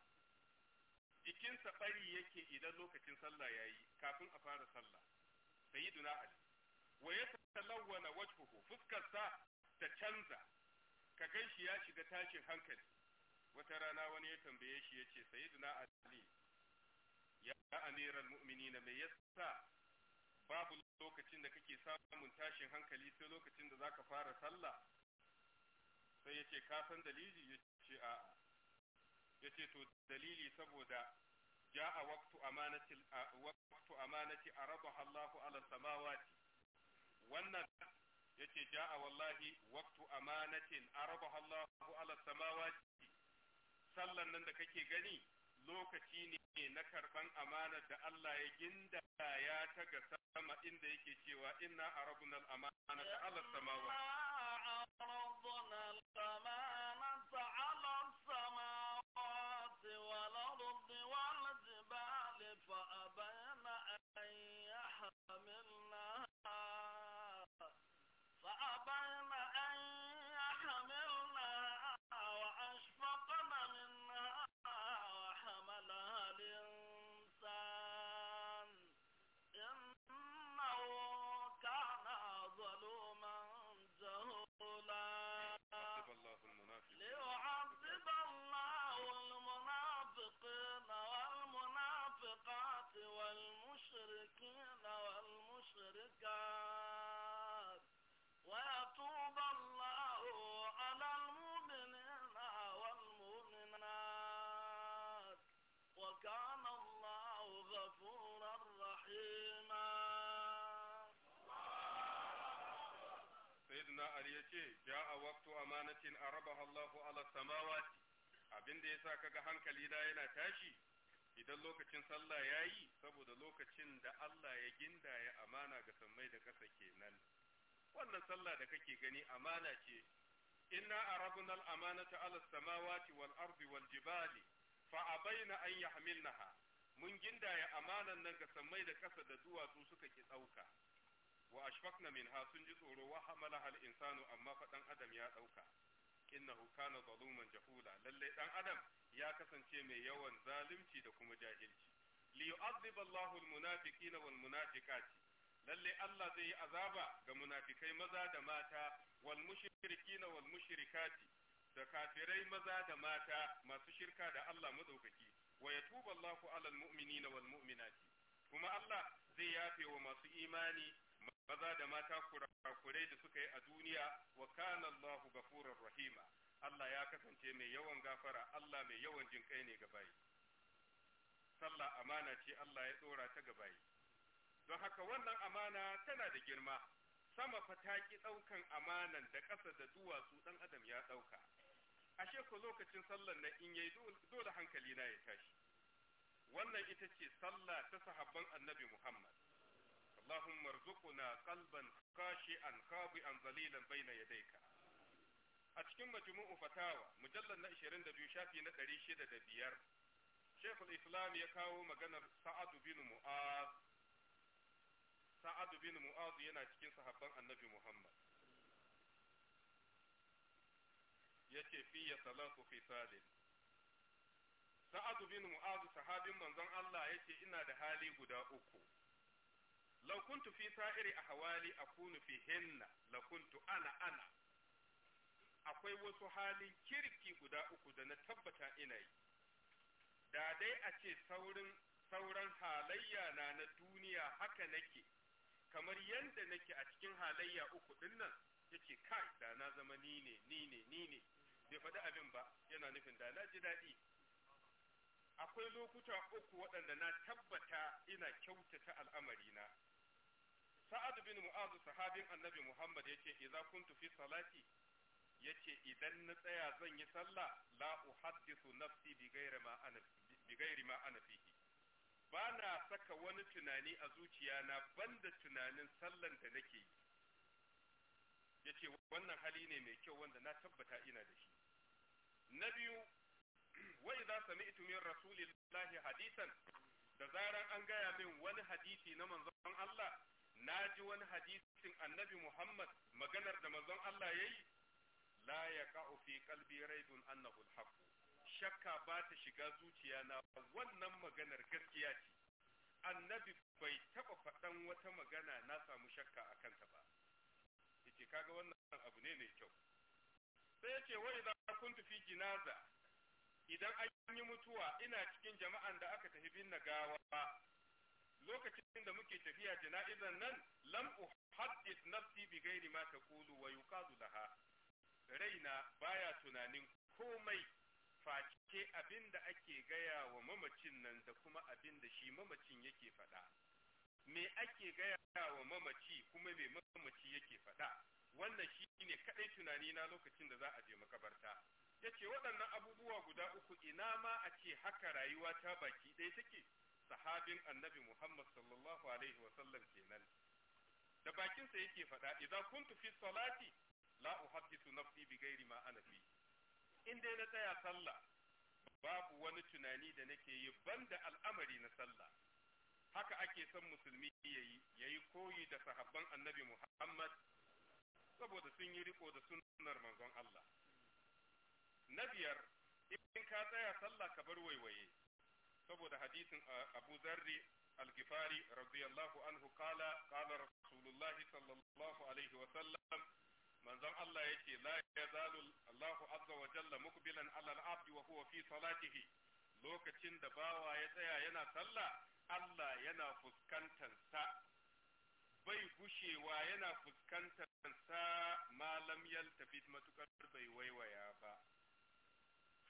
Speaker 3: jikinsa bari yake idan lokacin sallah yayi kafin a fara sallah sayyiduna ali wa ya talawwana wajhuhu fuskarsa ta canza ka gan shi ya shiga tashin hankali wata rana wani ya tambaye shi yace, ce sayyiduna ali ya amiral mu'minina me yasa babu lokacin da kake samun tashin hankali sai lokacin da zaka fara sallah sai yace ka san dalili yace a yace to dalili saboda ja'a waqtu amanati waqtu amanati aradaha Allahu ala samawati wannan yace ja'a wallahi waqtu amanatin aradaha Allahu ala samawati sallan nan da kake gani lokaci ne na karban amana da Allah ya gindaya ta ga sama inda yake cewa inna arabna al-amana ta ala samawati
Speaker 1: arabna al-amana ala samawati
Speaker 3: sayyiduna ali yace ja'a waqtu amanatin arabaha Allahu ala samawati abinda yasa kaga hankali da yana tashi idan lokacin sallah yayi saboda lokacin da Allah ya gindaya amana ga sammai da ƙasa kenan wannan sallah da kake gani amana ce inna arabna al-amanata ala samawati wal ardi wal jibali fa abaina an yahmilnaha mun gindaya amanan nan ga sammai da ƙasa da duwatsu suka ki ɗauka wa ashfaqna minha sun ji tsoro wa hamalaha al-insanu amma fa dan adam ya dauka innahu kana zaluman jahula lalle dan adam ya kasance mai yawan zalunci da kuma jahilci li yu'adhiba Allahu al-munafiqina wal munafiqati lalle Allah zai yi azaba ga munafikai maza da mata wal mushrikina wal mushrikati da kafirai maza da mata masu shirka da Allah madaukaki wa yatubu Allahu alal mu'minina wal mu'minati kuma Allah zai yafe wa masu imani maza da mata kurakurai da suka yi a duniya wa kana Allahu gafurur rahima Allah ya kasance mai yawan gafara Allah mai yawan jinkai ne ga bayi sallah amana ce Allah ya dora ta gabayi. bayi don haka wannan amana tana da girma sama fataki daukan amanan da ƙasa da duwatsu dan adam ya dauka ashe ko lokacin sallar nan in yayi dole hankali na ya tashi wannan ita ce sallah ta sahabban annabi Muhammad اللهم ارزقنا قلبا خاشعا خاضعا ذليلا بين يديك a cikin majmu'u fatawa mujallar na 22 shafi na 605 Sheikhul Islam ya kawo maganar Sa'ad bin Mu'azu. Sa'ad bin Mu'adh yana cikin sahabban Annabi Muhammad yace fi salatu fi salim Sa'adu bin Mu'adh sahabin manzon Allah yace ina da hali guda uku law kuntu fi sa'iri ahwali akunu fi hinna la kuntu akwai wasu halin kirki guda uku da na tabbata ina yi da dai a ce saurin sauran halayya na na duniya haka nake kamar yadda nake a cikin halayya uku ɗinnan yake kai da na zama ni ne ni ne ni ne bai faɗi abin ba yana nufin da na ji daɗi akwai lokuta uku waɗanda na tabbata ina kyautata al'amarina sa'ad bin mu'azu sahabin annabi muhammad yace idza kuntu fi salati yace idan na tsaya zan yi sallah la uhaddisu nafsi bi ma ana bi ma bana saka wani tunani a zuciya na banda tunanin sallan da nake yi yace wannan hali ne mai kyau wanda na tabbata ina da shi na biyu wai za sami min rasulillahi hadisan da zaran an gaya min wani hadisi na manzon Allah na ji wani hadisin annabi Muhammad maganar da manzon Allah yayi la yaqa'u fi qalbi ra'idun annahu shakka ba ta shiga zuciya na wannan maganar gaskiya ce annabi bai taɓa faɗan wata magana na samu shakka a kanta ba yace kaga wannan abu ne mai kyau sai yace wai idza kuntu fi jinaza idan an yi mutuwa ina cikin jama'an da aka tafi bin gawa lokacin da muke tafiya jana'izan nan lam uhaddith nafsi bi ghairi ma taqulu wa yuqadu laha raina baya tunanin komai face abin da ake gaya wa mamacin nan da kuma abin da shi mamacin yake faɗa me ake gaya wa mamaci kuma me mamaci yake faɗa wannan shi ne kaɗai tunani na lokacin da za a je makabarta ya waɗannan abubuwa guda uku ina ma a ce haka rayuwa ta baki ɗaya take sahabin annabi muhammad sallallahu alaihi wasallam kenan da bakinsa yake faɗa idza kuntu fi salati la uhaddithu nafsi bi ghairi ma ana fi in dai na tsaya sallah babu wani tunani da nake yi banda al'amari na sallah haka ake son musulmi yayi yayi koyi da sahabban annabi muhammad saboda sun yi riko da sunnar manzon Allah na biyar in ka tsaya sallah ka bar waiwaye saboda hadisin uh, abu zarri al-gifari radiyallahu anhu kala kala rasulullah sallallahu alaihi wa sallam manzon Allah yake la yazalu Allahu azza wa jalla muqbilan ala al-abd wa huwa fi salatihi lokacin da bawa ya tsaya yana sallah Allah yana fuskantar sa bai gushewa yana fuskantar sa malam yaltafit matukar bai waiwaya ba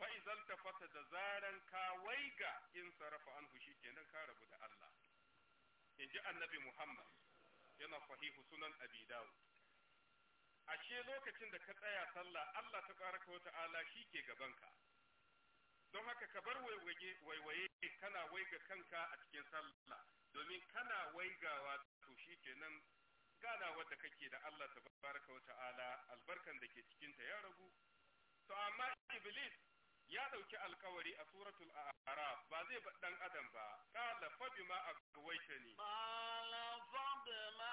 Speaker 3: fa zan tafasa da zaran ka waiga in sarafa anhu shikenan ka rabu da Allah in ji annabi Muhammad yana sahihu sunan Abi ashe lokacin da ka tsaya sallah Allah ta baraka wata'ala shi ke gabanka don haka ka bar waiwaye kana waiga kanka a cikin sallah domin kana waigawa to shi kenan ganawar da kake da Allah ta baraka wata'ala albarkan da ke cikinta ya ragu to amma iblis ya ɗauki alkawari a suratul araf ba zai ba ɗan adam ba ƙala fa bima agwaitani
Speaker 1: ƙala fa bima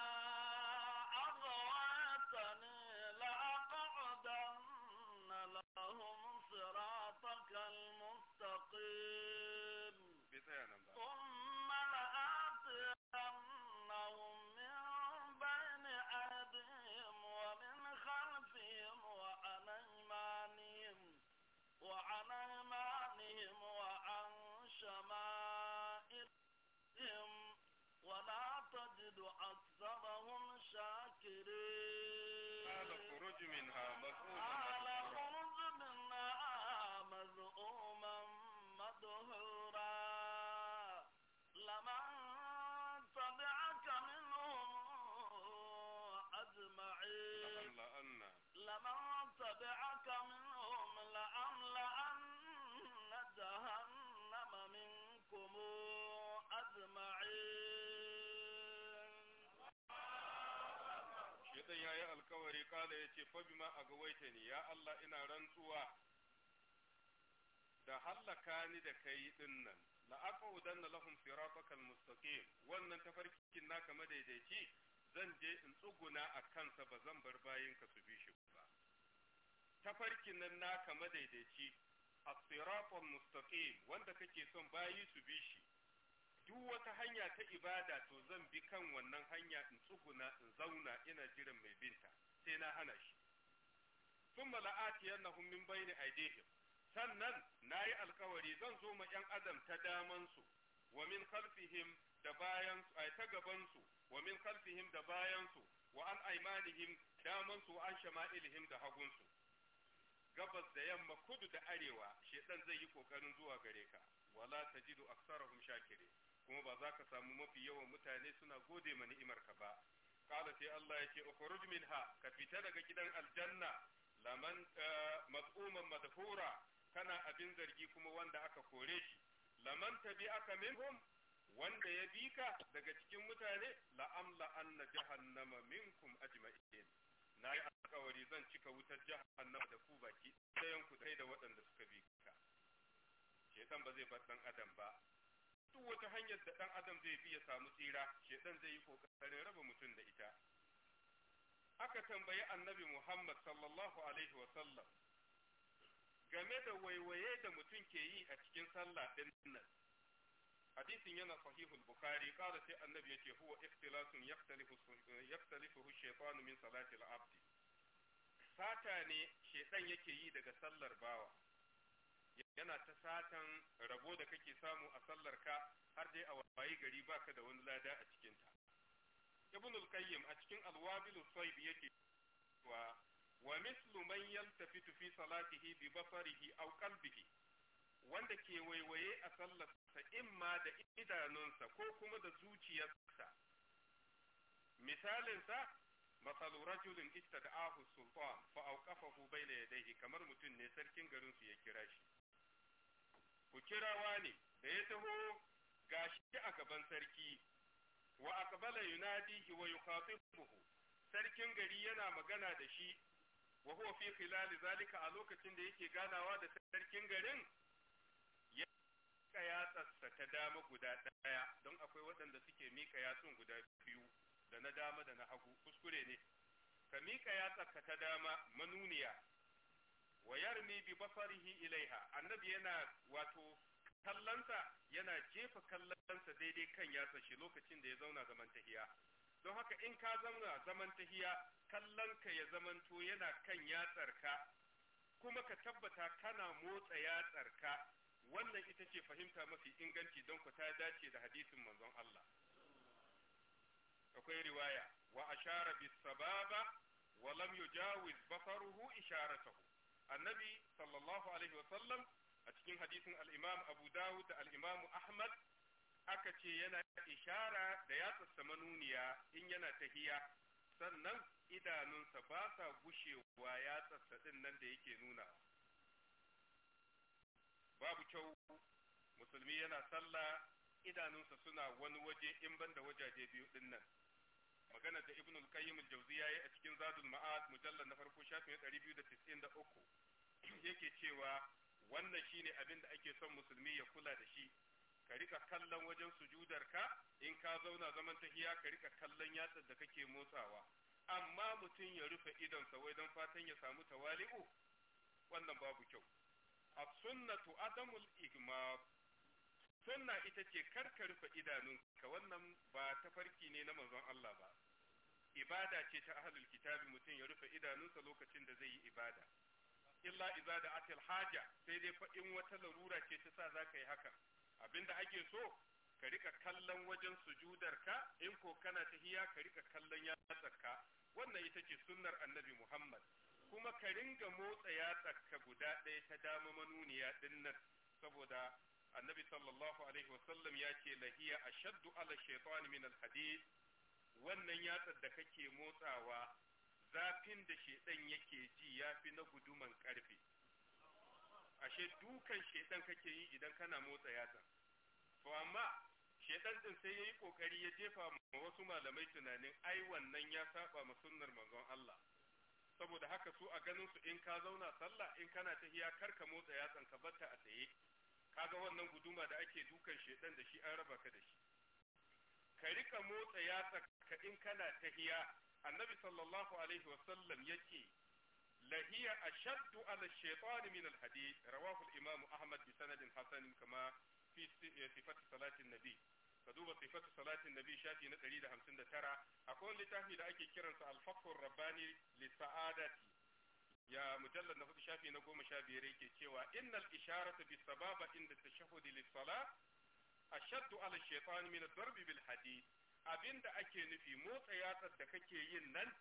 Speaker 1: agwaitani la aq'udanna lahum siratakal mustaqim bi tsayanan ba thumma la'atiyannahum
Speaker 3: kala ya ce fabima a gawaita ne ya Allah ina rantsuwa da hallaka ni da kai din nan la'aqaudan lahum siratakal mustaqim wannan tafarkin naka madaidaici zan je in tsuguna a kansa ba zan bar bayinka su bi shi ba tafarkin nan naka madaidaici as-siratal mustaqim wanda kake son bayi su bi shi duk wata hanya ta ibada to zan bi kan wannan hanya in tsuguna in zauna ina jiran mai binta sai na hana shi sun mala'ati yannahum min bayni aidihim sannan na yi alkawari zan zo ma yan adam ta daman su wa min khalfihim da bayan su ta gaban su wa min khalfihim da bayan wa an aymanihim daman su wa an shama'ilihim da hagun su gabas da yamma kudu da arewa shedan zai yi kokarin zuwa gare ka wala tajidu aksarahum shakirin kuma ba za ka samu mafi yawan mutane suna gode ma ni'imarka ba qala sai Allah yake ukhruj minha ka fita daga gidan aljanna laman eh, mat'uman madhura kana abin zargi kuma wanda aka kore shi laman tabi'aka minhum wanda ya bi daga cikin mutane amla anna jahannama minkum ajma'in na yi alkawari zan cika wutar jahannama da ku baki Sai ku sai da waɗanda suka bi ka ba zai bar ɗan adam ba duk wata hanyar da ɗan adam zai bi ya samu tsira shedan zai yi kokarin raba mutum da ita aka tambayi annabi muhammad sallallahu alaihi wasallam game da waiwaye da mutum ke yi a cikin sallah ɗin nan hadisin yana sahihul bukhari kada sai annabi yake huwa ikhtilatun yaktalifu shaytanu min salati al-abd sata ne shedan yake yi daga sallar bawa yana ta satan rabo da kake samu a sallarka har dai a wayi gari baka da wani lada a cikinta ibn al-qayyim a cikin al-wabil sayyib yake wa wa mislu man yaltafitu fi salatihi bi basarihi aw qalbihi wanda ke waiwaye a sallar sa imma da idanunsa ko kuma da zuciyarsa misalinsa masalu rajulin istad'ahu sultan fa awqafahu bayna yadayhi kamar mutum ne sarkin garin ya kira shi ku kirawa ne da ya taho gashi a gaban sarki wa aqbala yunadihi wa yukhatibuhu sarkin gari yana magana da shi wa huwa fi khilal zalika a lokacin da yake ganawa da sarkin garin ya ka yatsarsa ta dama guda daya don akwai waɗanda suke mika yatsun guda biyu da na dama da na hagu kuskure ne ka mika yatsarka ta dama manuniya wa yarmi bi basarihi ilaiha annabi yana wato kallonsa yana jefa kallonsa daidai kan yatsa shi lokacin da ya zauna zaman tahiya don haka in ka zauna zaman tahiya kallonka ya zamanto yana kan yatsarka kuma ka tabbata kana motsa yatsarka wannan ita ce fahimta mafi inganci don ku ta dace da hadisin manzon Allah akwai riwaya wa ashara bis sababa wa lam yujawiz basaruhu isharatahu annabi sallallahu alaihi sallam, a cikin hadisin al'imam abu dawud da al'imam ahmad aka ce yana ishara da yatsarsa manuniya in yana tahiya sannan idanunsa ba sa gushewa yatsarsa ɗin nan da yake nuna babu kyau musulmi yana sallah idanunsa suna wani waje in ban da wajaje biyu din nan magana da ibn al-qayyim al-jawziya yayi a cikin zadul ma'ad mujallal na farko shafin 293 yake cewa wannan shine abin da ake son musulmi ya kula da shi ka rika kallon wajen sujudarka in ka zauna zaman tahiya ka rika kallon yatsar da kake motsawa amma mutum ya rufe idonsa wai don fatan ya samu tawali'u wannan babu kyau as-sunnatu adamul igmab sunna ita ce karka rufe idanunka wannan ba farki ne na manzon Allah ba ibada ce ta ahlul kitabi mutum ya rufe idanunsa lokacin da zai yi ibada illa idza da atil haja sai dai faɗin in wata larura ce ta sa zaka yi haka abinda ake so ka rika kallon wajen sujudarka in ko kana hiya ka rika kallon yatsarka wannan ita ce sunnar annabi Muhammad kuma ka ringa motsa yatsarka guda ɗaya ta dama manuniya dinnan saboda annabi sallallahu alaihi wasallam ya ce lahiya ashaddu ala shaitan min alhadid wannan yatsar da kake motsawa zafin da shedan yake ji yafi na guduman karfe ashe dukan shedan kake yi idan kana motsa yatsa to amma shedan din sai yayi kokari ya jefa ma wasu malamai tunanin ai wannan ya saba ma sunnar manzon Allah saboda haka su a ganin su in ka zauna sallah in kana tahiya ka motsa yatsan ka batta a tsaye kaga wannan guduma da ake dukan shedan da shi an raba ka da shi ka rika motsa yatsa ka in kana tahiya annabi sallallahu alaihi wasallam yake lahiya ashaddu ala shaytan min alhadid rawahu al-imam ahmad bi sanadin hasan kama fi eh, sifat salati nabi ka duba sifat salati nabi shafi na 159 akwai littafi da ake kiransa al rabani rabbani li sa'adati ya mujallar na hudu shafi na goma sha biyar yake cewa innal isharatu bi sababa inda tashahhudi lis sala ashaddu ala shaytan min ad-darbi bil hadid abinda ake nufi motsa yatsar da kake yin nan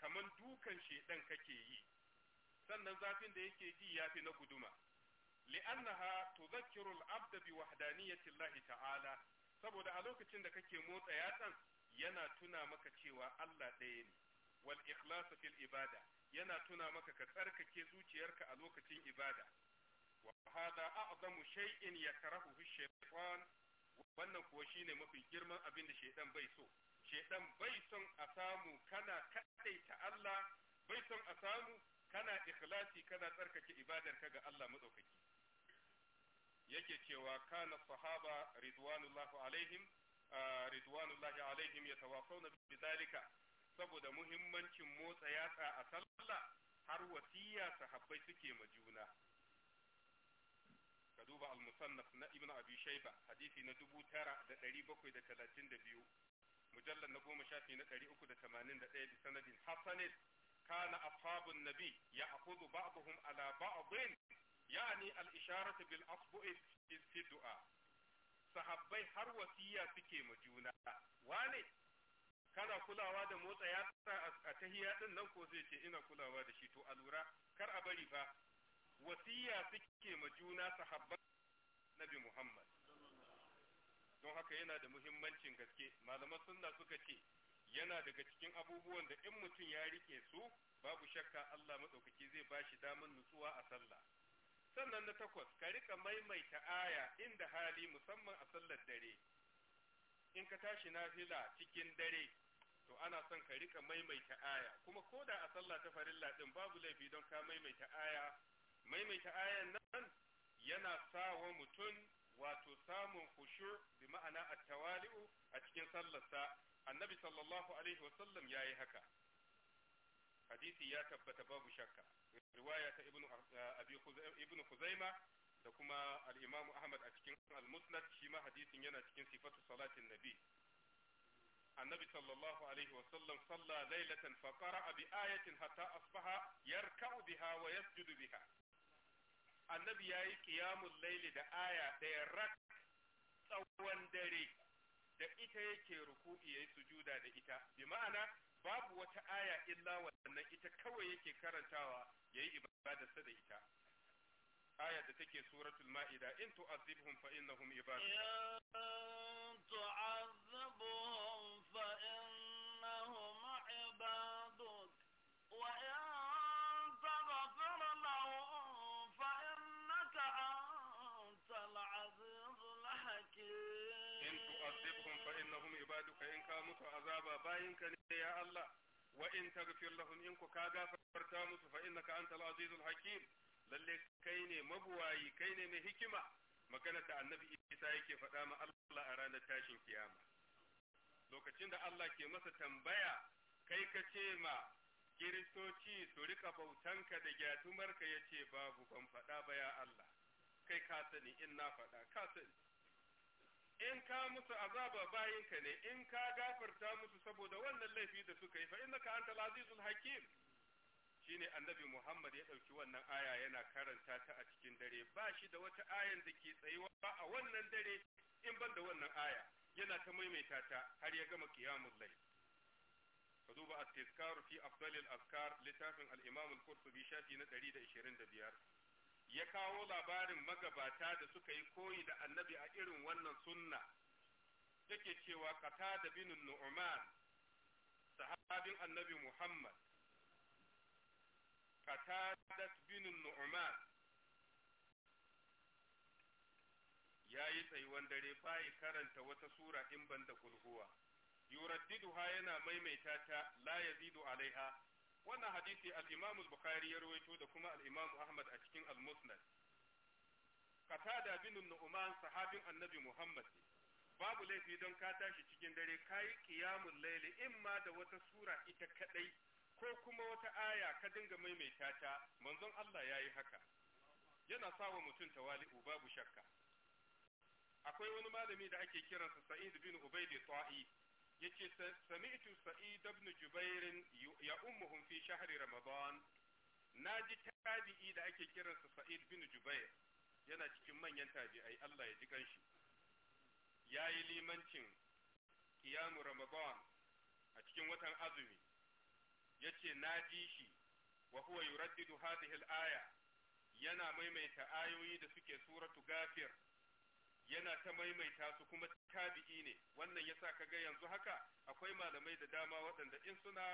Speaker 3: kaman dukan shedan kake yi sannan zafin da yake ji yafi na guduma li'annaha tudhakkiru al-abda bi wahdaniyati Allah ta'ala saboda a lokacin da kake motsa yatsan yana tuna maka cewa Allah ɗaya ne wal ikhlas fil ibada yana tuna maka ka tsarkake zuciyarka a lokacin ibada wa hada a'zamu shay'in yakrahu shaytan wannan kuwa shine mafi girman abinda da shaytan bai so shaytan bai son a samu kana kadaita Allah bai son a samu kana ikhlasi kana tsarkake ibadarka ga Allah madaukaki yake cewa kana sahaba ridwanullahi alaihim ah, ridwanullahi alaihim yatawafawna bidhalika saboda muhimmancin motsa yatsa a sallah har wasiya sahabbai suke ma juna ka duba al-musannaf na ibnu abi shayba hadisi na 9732 mujallal na 10 shafi na 381 bi sanadin kana hasanin كان أصحاب النبي يأخذ بعضهم على بعض يعني الإشارة بالأصبع في الدعاء sahabbai har wasiya suke ma juna wane kana kulawa da motsa yatsa a tahiya din nan ko zai ce ina kulawa da shi to a lura kar a bari fa wasiya suke ma juna sahabban nabi Muhammad don haka yana da muhimmancin gaske malaman sunna suka ce yana daga cikin abubuwan da in mutum ya rike su babu shakka Allah maɗaukaki zai ba shi damar nutsuwa a sallah sannan na takwas ka rika maimaita aya inda hali musamman a sallar dare in ka tashi nafila cikin dare to ana son ka rika maimaita aya kuma ko da a sallah ta farilla din babu laifi don ka maimaita aya maimaita ayan nan yana sawa mutum wato samun khushu bi ma'ana at-tawali'u a cikin sallarsa annabi sallallahu alaihi wasallam yayi haka hadisi ya tabbata babu shakka riwaya ta ibnu eh, abi khuzaima da kuma al ahmad a cikin al-musnad shi ma hadisin yana cikin sifatu salatin nabi annabi sallallahu alaihi wa sallam salla lailatan fa qara'a bi ayatin hatta Yar yarka'u biha wa yasjudu biha annabi yi qiyamul layli da aya daya rak tsawon dare da ita yake ruku'i yayi sujuda da ita bi ma'ana babu wata aya illa wannan ita kawai yake karantawa yayi ibadarsa da ita aya da take suratul ma'ida in tu'azzibhum fa innahum ibaduk
Speaker 1: in tu'azzibhum فإنهم عبادك وإن تغفر لهم فإنك أنت العزيز الحكيم إن تؤذبهم
Speaker 3: فإنهم عبادك إن كانوا عذابا باينك يا الله وإن تغفر لهم إنك كاغافرت مسو فإنك أنت العزيز الحكيم lalle kai ne mabuwayi kai ne mai hikima maganar da annabi isa yake faɗa ma Allah a ranar tashin kiyama lokacin da Allah ke masa tambaya kai ka ce ma kiristoci su rika bautanka da gyatumarka ya ce babu ban faɗa ba ya Allah kai ka sani in na faɗa ka sani in ka musu azaba bayinka ne in ka gafarta musu saboda wannan laifi da suka yi fa ka antal azizul hakim shine annabi Muhammad ya ɗauki wannan aya yana karanta ta a cikin dare ba shi da wata ayan da ke tsayuwa a wannan dare in ban da wannan aya yana ta maimaita ta har ya gama qiyamul layl ka duba at-tizkar fi afdalil Askar littafin al-imam al shafi na 125 ya kawo labarin magabata da suka yi koyi da annabi a irin wannan sunna yake cewa qatada bin nu'man sahabin annabi muhammad da binin nu'man ya yi tsayuwan dare ya karanta wata sura in ban da kulhuwa yuraddiduha yana maimaita ta la yazidu alaiha wannan hadisi al-imam al-bukhari ya rawaito da kuma al-imam ahmad a cikin al-musnad qatada bin nu'man sahabin annabi muhammad babu laifi don ka tashi cikin dare kayi qiyamul layli ma da wata sura ita kadai ko kuma wata aya ka dinga maimaita ta manzon Allah yayi haka yana sawa mutum tawali'u babu shakka akwai wani malami da ake kiransa sa'id bin ubaydi ta'i yace sami'tu sa'id ibn jubair ya ummuhum fi shahri ramadan Na ji tabi'i da ake kiransa sa'id bin jubair yana cikin manyan tabi'ai Allah ya ji kanshi yayi limancin kiyamu ramadan a cikin watan azumi yace ji shi wa huwa yuraddidu hadhihi al-aya yana maimaita ayoyi da suke suratu gafir yana ta maimaita su kuma tabi'i ne wannan yasa kaga yanzu haka akwai malamai da dama waɗanda in suna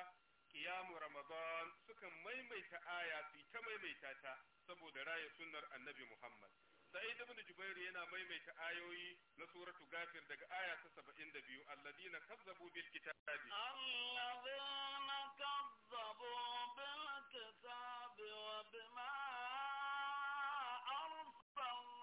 Speaker 3: kiyamu ramadan sukan maimaita aya su ta maimaita ta saboda raya sunnar annabi Muhammad da ibn jubairu yana maimaita ayoyi na suratu gafir daga aya ta 72 alladina kazzabu bil kitabi
Speaker 1: alladina kazzabu bil kitabi wa bima arsalna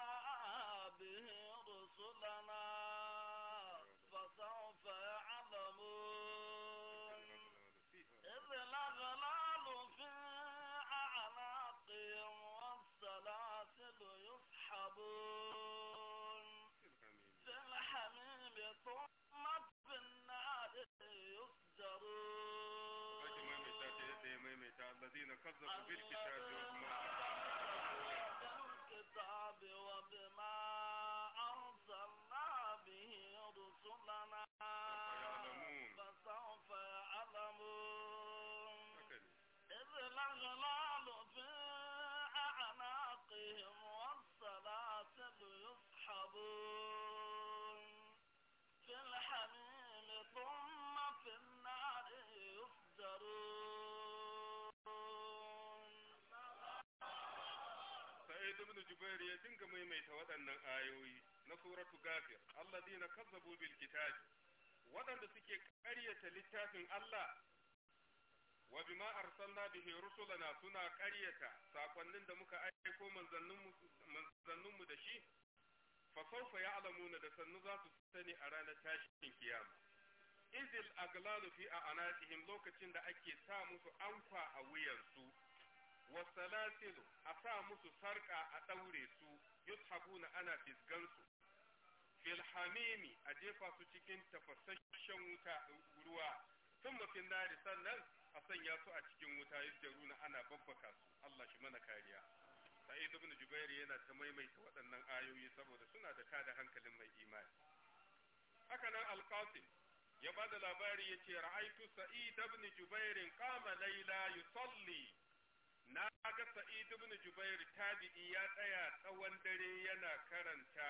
Speaker 3: نقد سبھی کی شاید ibn Jubair ya dinga maimaita waɗannan ayoyi na suratu Ghafir alladina kazzabu bil kitab waɗanda suke ƙaryata littafin Allah wa bima arsalna bihi rusulana suna ƙaryata sakonnin da muka aiko manzanninmu da shi fa sawfa ya'lamuna da sannu za su sani a ranar tashin kiyama izil aglalu fi a anatihim lokacin da ake sa musu ankwa a wuyansu wasalatin a sa musu sarƙa a ɗaure su yushabuna ana fisgansu filhamimi a jefa su cikin tafasasshen wuta ruwa sun mafin nari sannan a sanya su a cikin wuta jaruna ana babbaka su Allah shi mana kariya sa'id ibn jubair yana ta maimaita waɗannan ayoyi saboda suna da tada hankalin mai imani haka nan alqasim ya bada labari yace ra'aitu sa'id ibn jubair qama layla yusalli na ga sa'id ibn jubair tabi'i ya tsaya tsawon dare yana karanta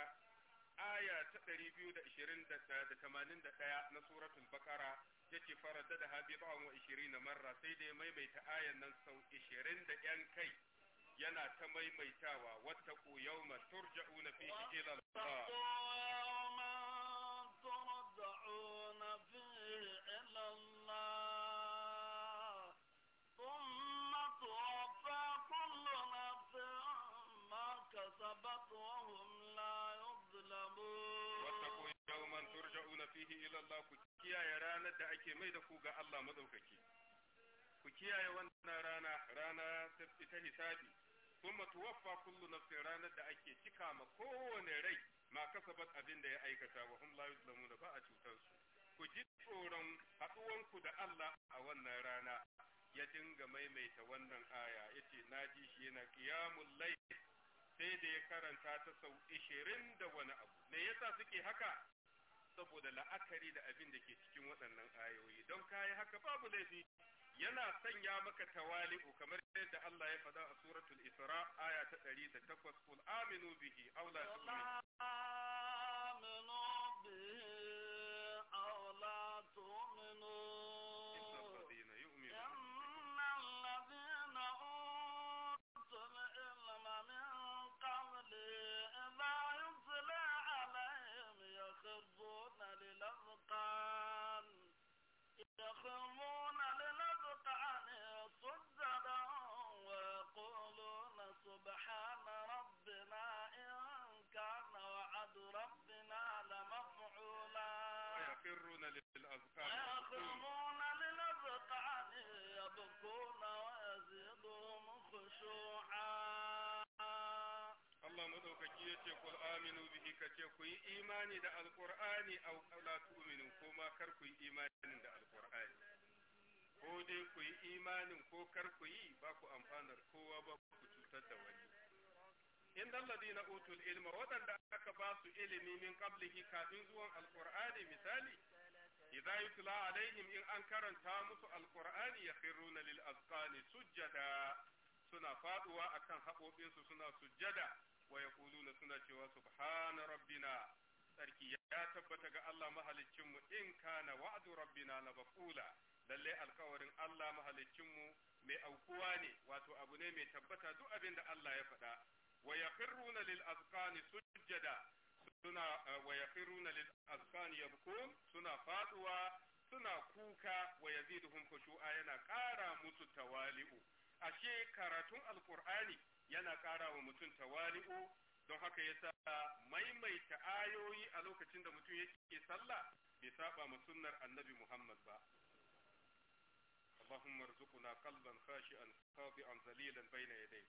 Speaker 3: aya ta 281 na suratul bakara yace farada da habi ba'an wa 20 marra sai da ya maimaita ayan nan sau 20 da yan kai yana ta maimaitawa wattaqu yawma turja'una fihi ila Allah fihi ila ku kiyaye ranar da ake mai da ku ga Allah madaukaki ku kiyaye wannan rana rana ta ta hisabi kuma tuwaffa kullu nafsin ranar da ake cika ma kowane rai ma kasabat abin da ya aikata wa hum la da ba a cutar su ku ji tsoron haɗuwanku da Allah a wannan rana ya dinga maimaita wannan aya yace ji shi yana qiyamul layl sai da ya karanta ta sau ishirin da wani abu me yasa suke haka saboda la'akari da abin da ke cikin waɗannan ayoyi don kayi haka babu laifi yana sanya maka tawali'u kamar yadda Allah ya faɗa a suratul Isra aya ta 108 kul aminu bihi aw tu'minu aminu
Speaker 1: bihi Aula tu'minu تخرج
Speaker 3: ce kul aminu bihi ka ce ku yi imani da alqur'ani aw la tu'minu ko ma kar ku yi imanin da alqur'ani ko dai ku yi imanin ko kar ku yi ba ku amfanar kowa ba ku cutar da wani in alladina utul ilma waɗanda aka ba su ilimi min qablihi kafin zuwan alqur'ani misali idza yutla alaihim in an karanta musu alqur'ani yakhruna lil azqani sujjada suna faduwa akan haƙoƙinsu suna sujjada wa yaquluna suna cewa subhana rabbina sarki ya tabbata ga Allah mu in kana wa'du rabbina na maf'ula lallai alkawarin Allah mu mai aukuwa ne wato abu ne mai tabbata duk abin da Allah ya faɗa wa yakhruna lil azqani sujjada suna eh, wa yakhruna lil azqani yabkun suna faduwa suna kuka wa yaziduhum khushu'a yana kara musu tawali'u ashe karatun alkur'ani yana ƙara wa mutum tawali'u don haka ya sa maimaita ayoyi a lokacin da mutum yake sallah bai saba ma sunnar annabi Muhammad ba اللهم ارزقنا قلبا خاشعا خاضعا ذليلا بين يديك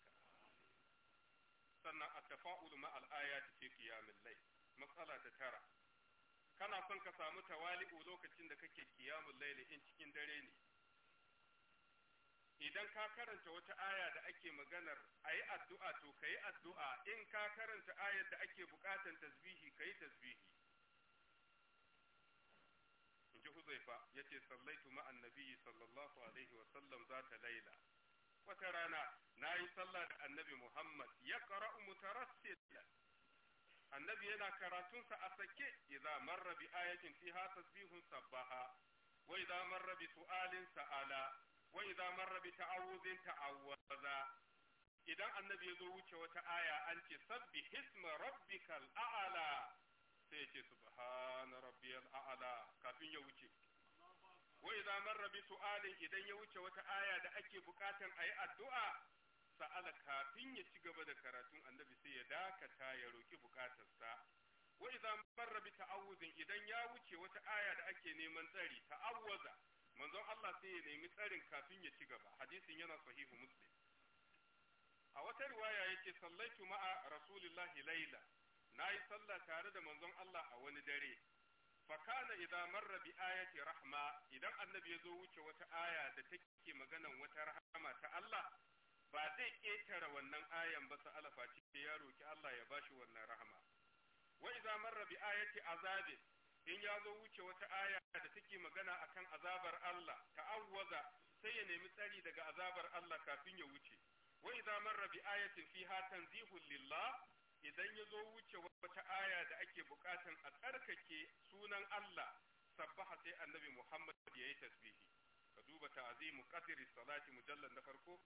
Speaker 3: sannan a tafa'ul ma'al ayati fi kiyamin layl matsala ta tara kana son ka samu tawali'u lokacin da kake qiyamul layl in cikin dare ne idan ka karanta wata aya da ake maganar a yi addu'a to ka yi addu'a in ka karanta ayar da ake bukatan tasbihi ka yi tasbihi in ji huzaifa ya ce sallaitu ma'an sallallahu alaihi wasallam za ta laila wata rana na yi sallah da annabi muhammad ya ƙara'u mutarassil annabi yana karatunsa a sake idza marrabi bi ayatin fiha tasbihun sabbaha wai idza marra bi su'alin sa'ala wa idza marra bi ta'awuzin ta'awwaza idan annabi ya zo wuce wata aya an ce sabbi hisma rabbikal a'ala sai ya ce subhana rabbiyal a'ala kafin ya wuce wa idza marra bi su'alin idan ya wuce wata aya da ake bukatan ayi addu'a sa'ala kafin ya ci gaba da karatun annabi sai ya dakata ya roki bukatarsa wa idza marra bi ta'awuzin idan ya wuce wata aya da ake neman tsari ta'awwaza manzon Allah sai ya nemi tsarin kafin ya ci gaba hadisin yana sahihu muslim a wata riwaya yace sallaitu ma'a rasulillahi laila nayi sallah tare da manzon Allah a wani dare fa kana idza marra bi ayati rahma idan annabi ya zo wuce wata aya da take maganan wata rahama ta Allah ba zai ketara wannan ayan ba sa'ala face ya roki Allah ya bashi wannan rahama wa idza marra bi ayati azabin in ya zo wuce wata aya da take magana akan azabar Allah ta'awwaza sai ya nemi tsari daga azabar Allah kafin ya wuce wa idza marra bi ayatin fiha tanzihun lillah idan ya zo wuce wata aya da ake bukatan a tsarkake sunan Allah sabbaha sai annabi Muhammad ya yi tasbihi ka duba ta'zimu qadri salati mujallal na farko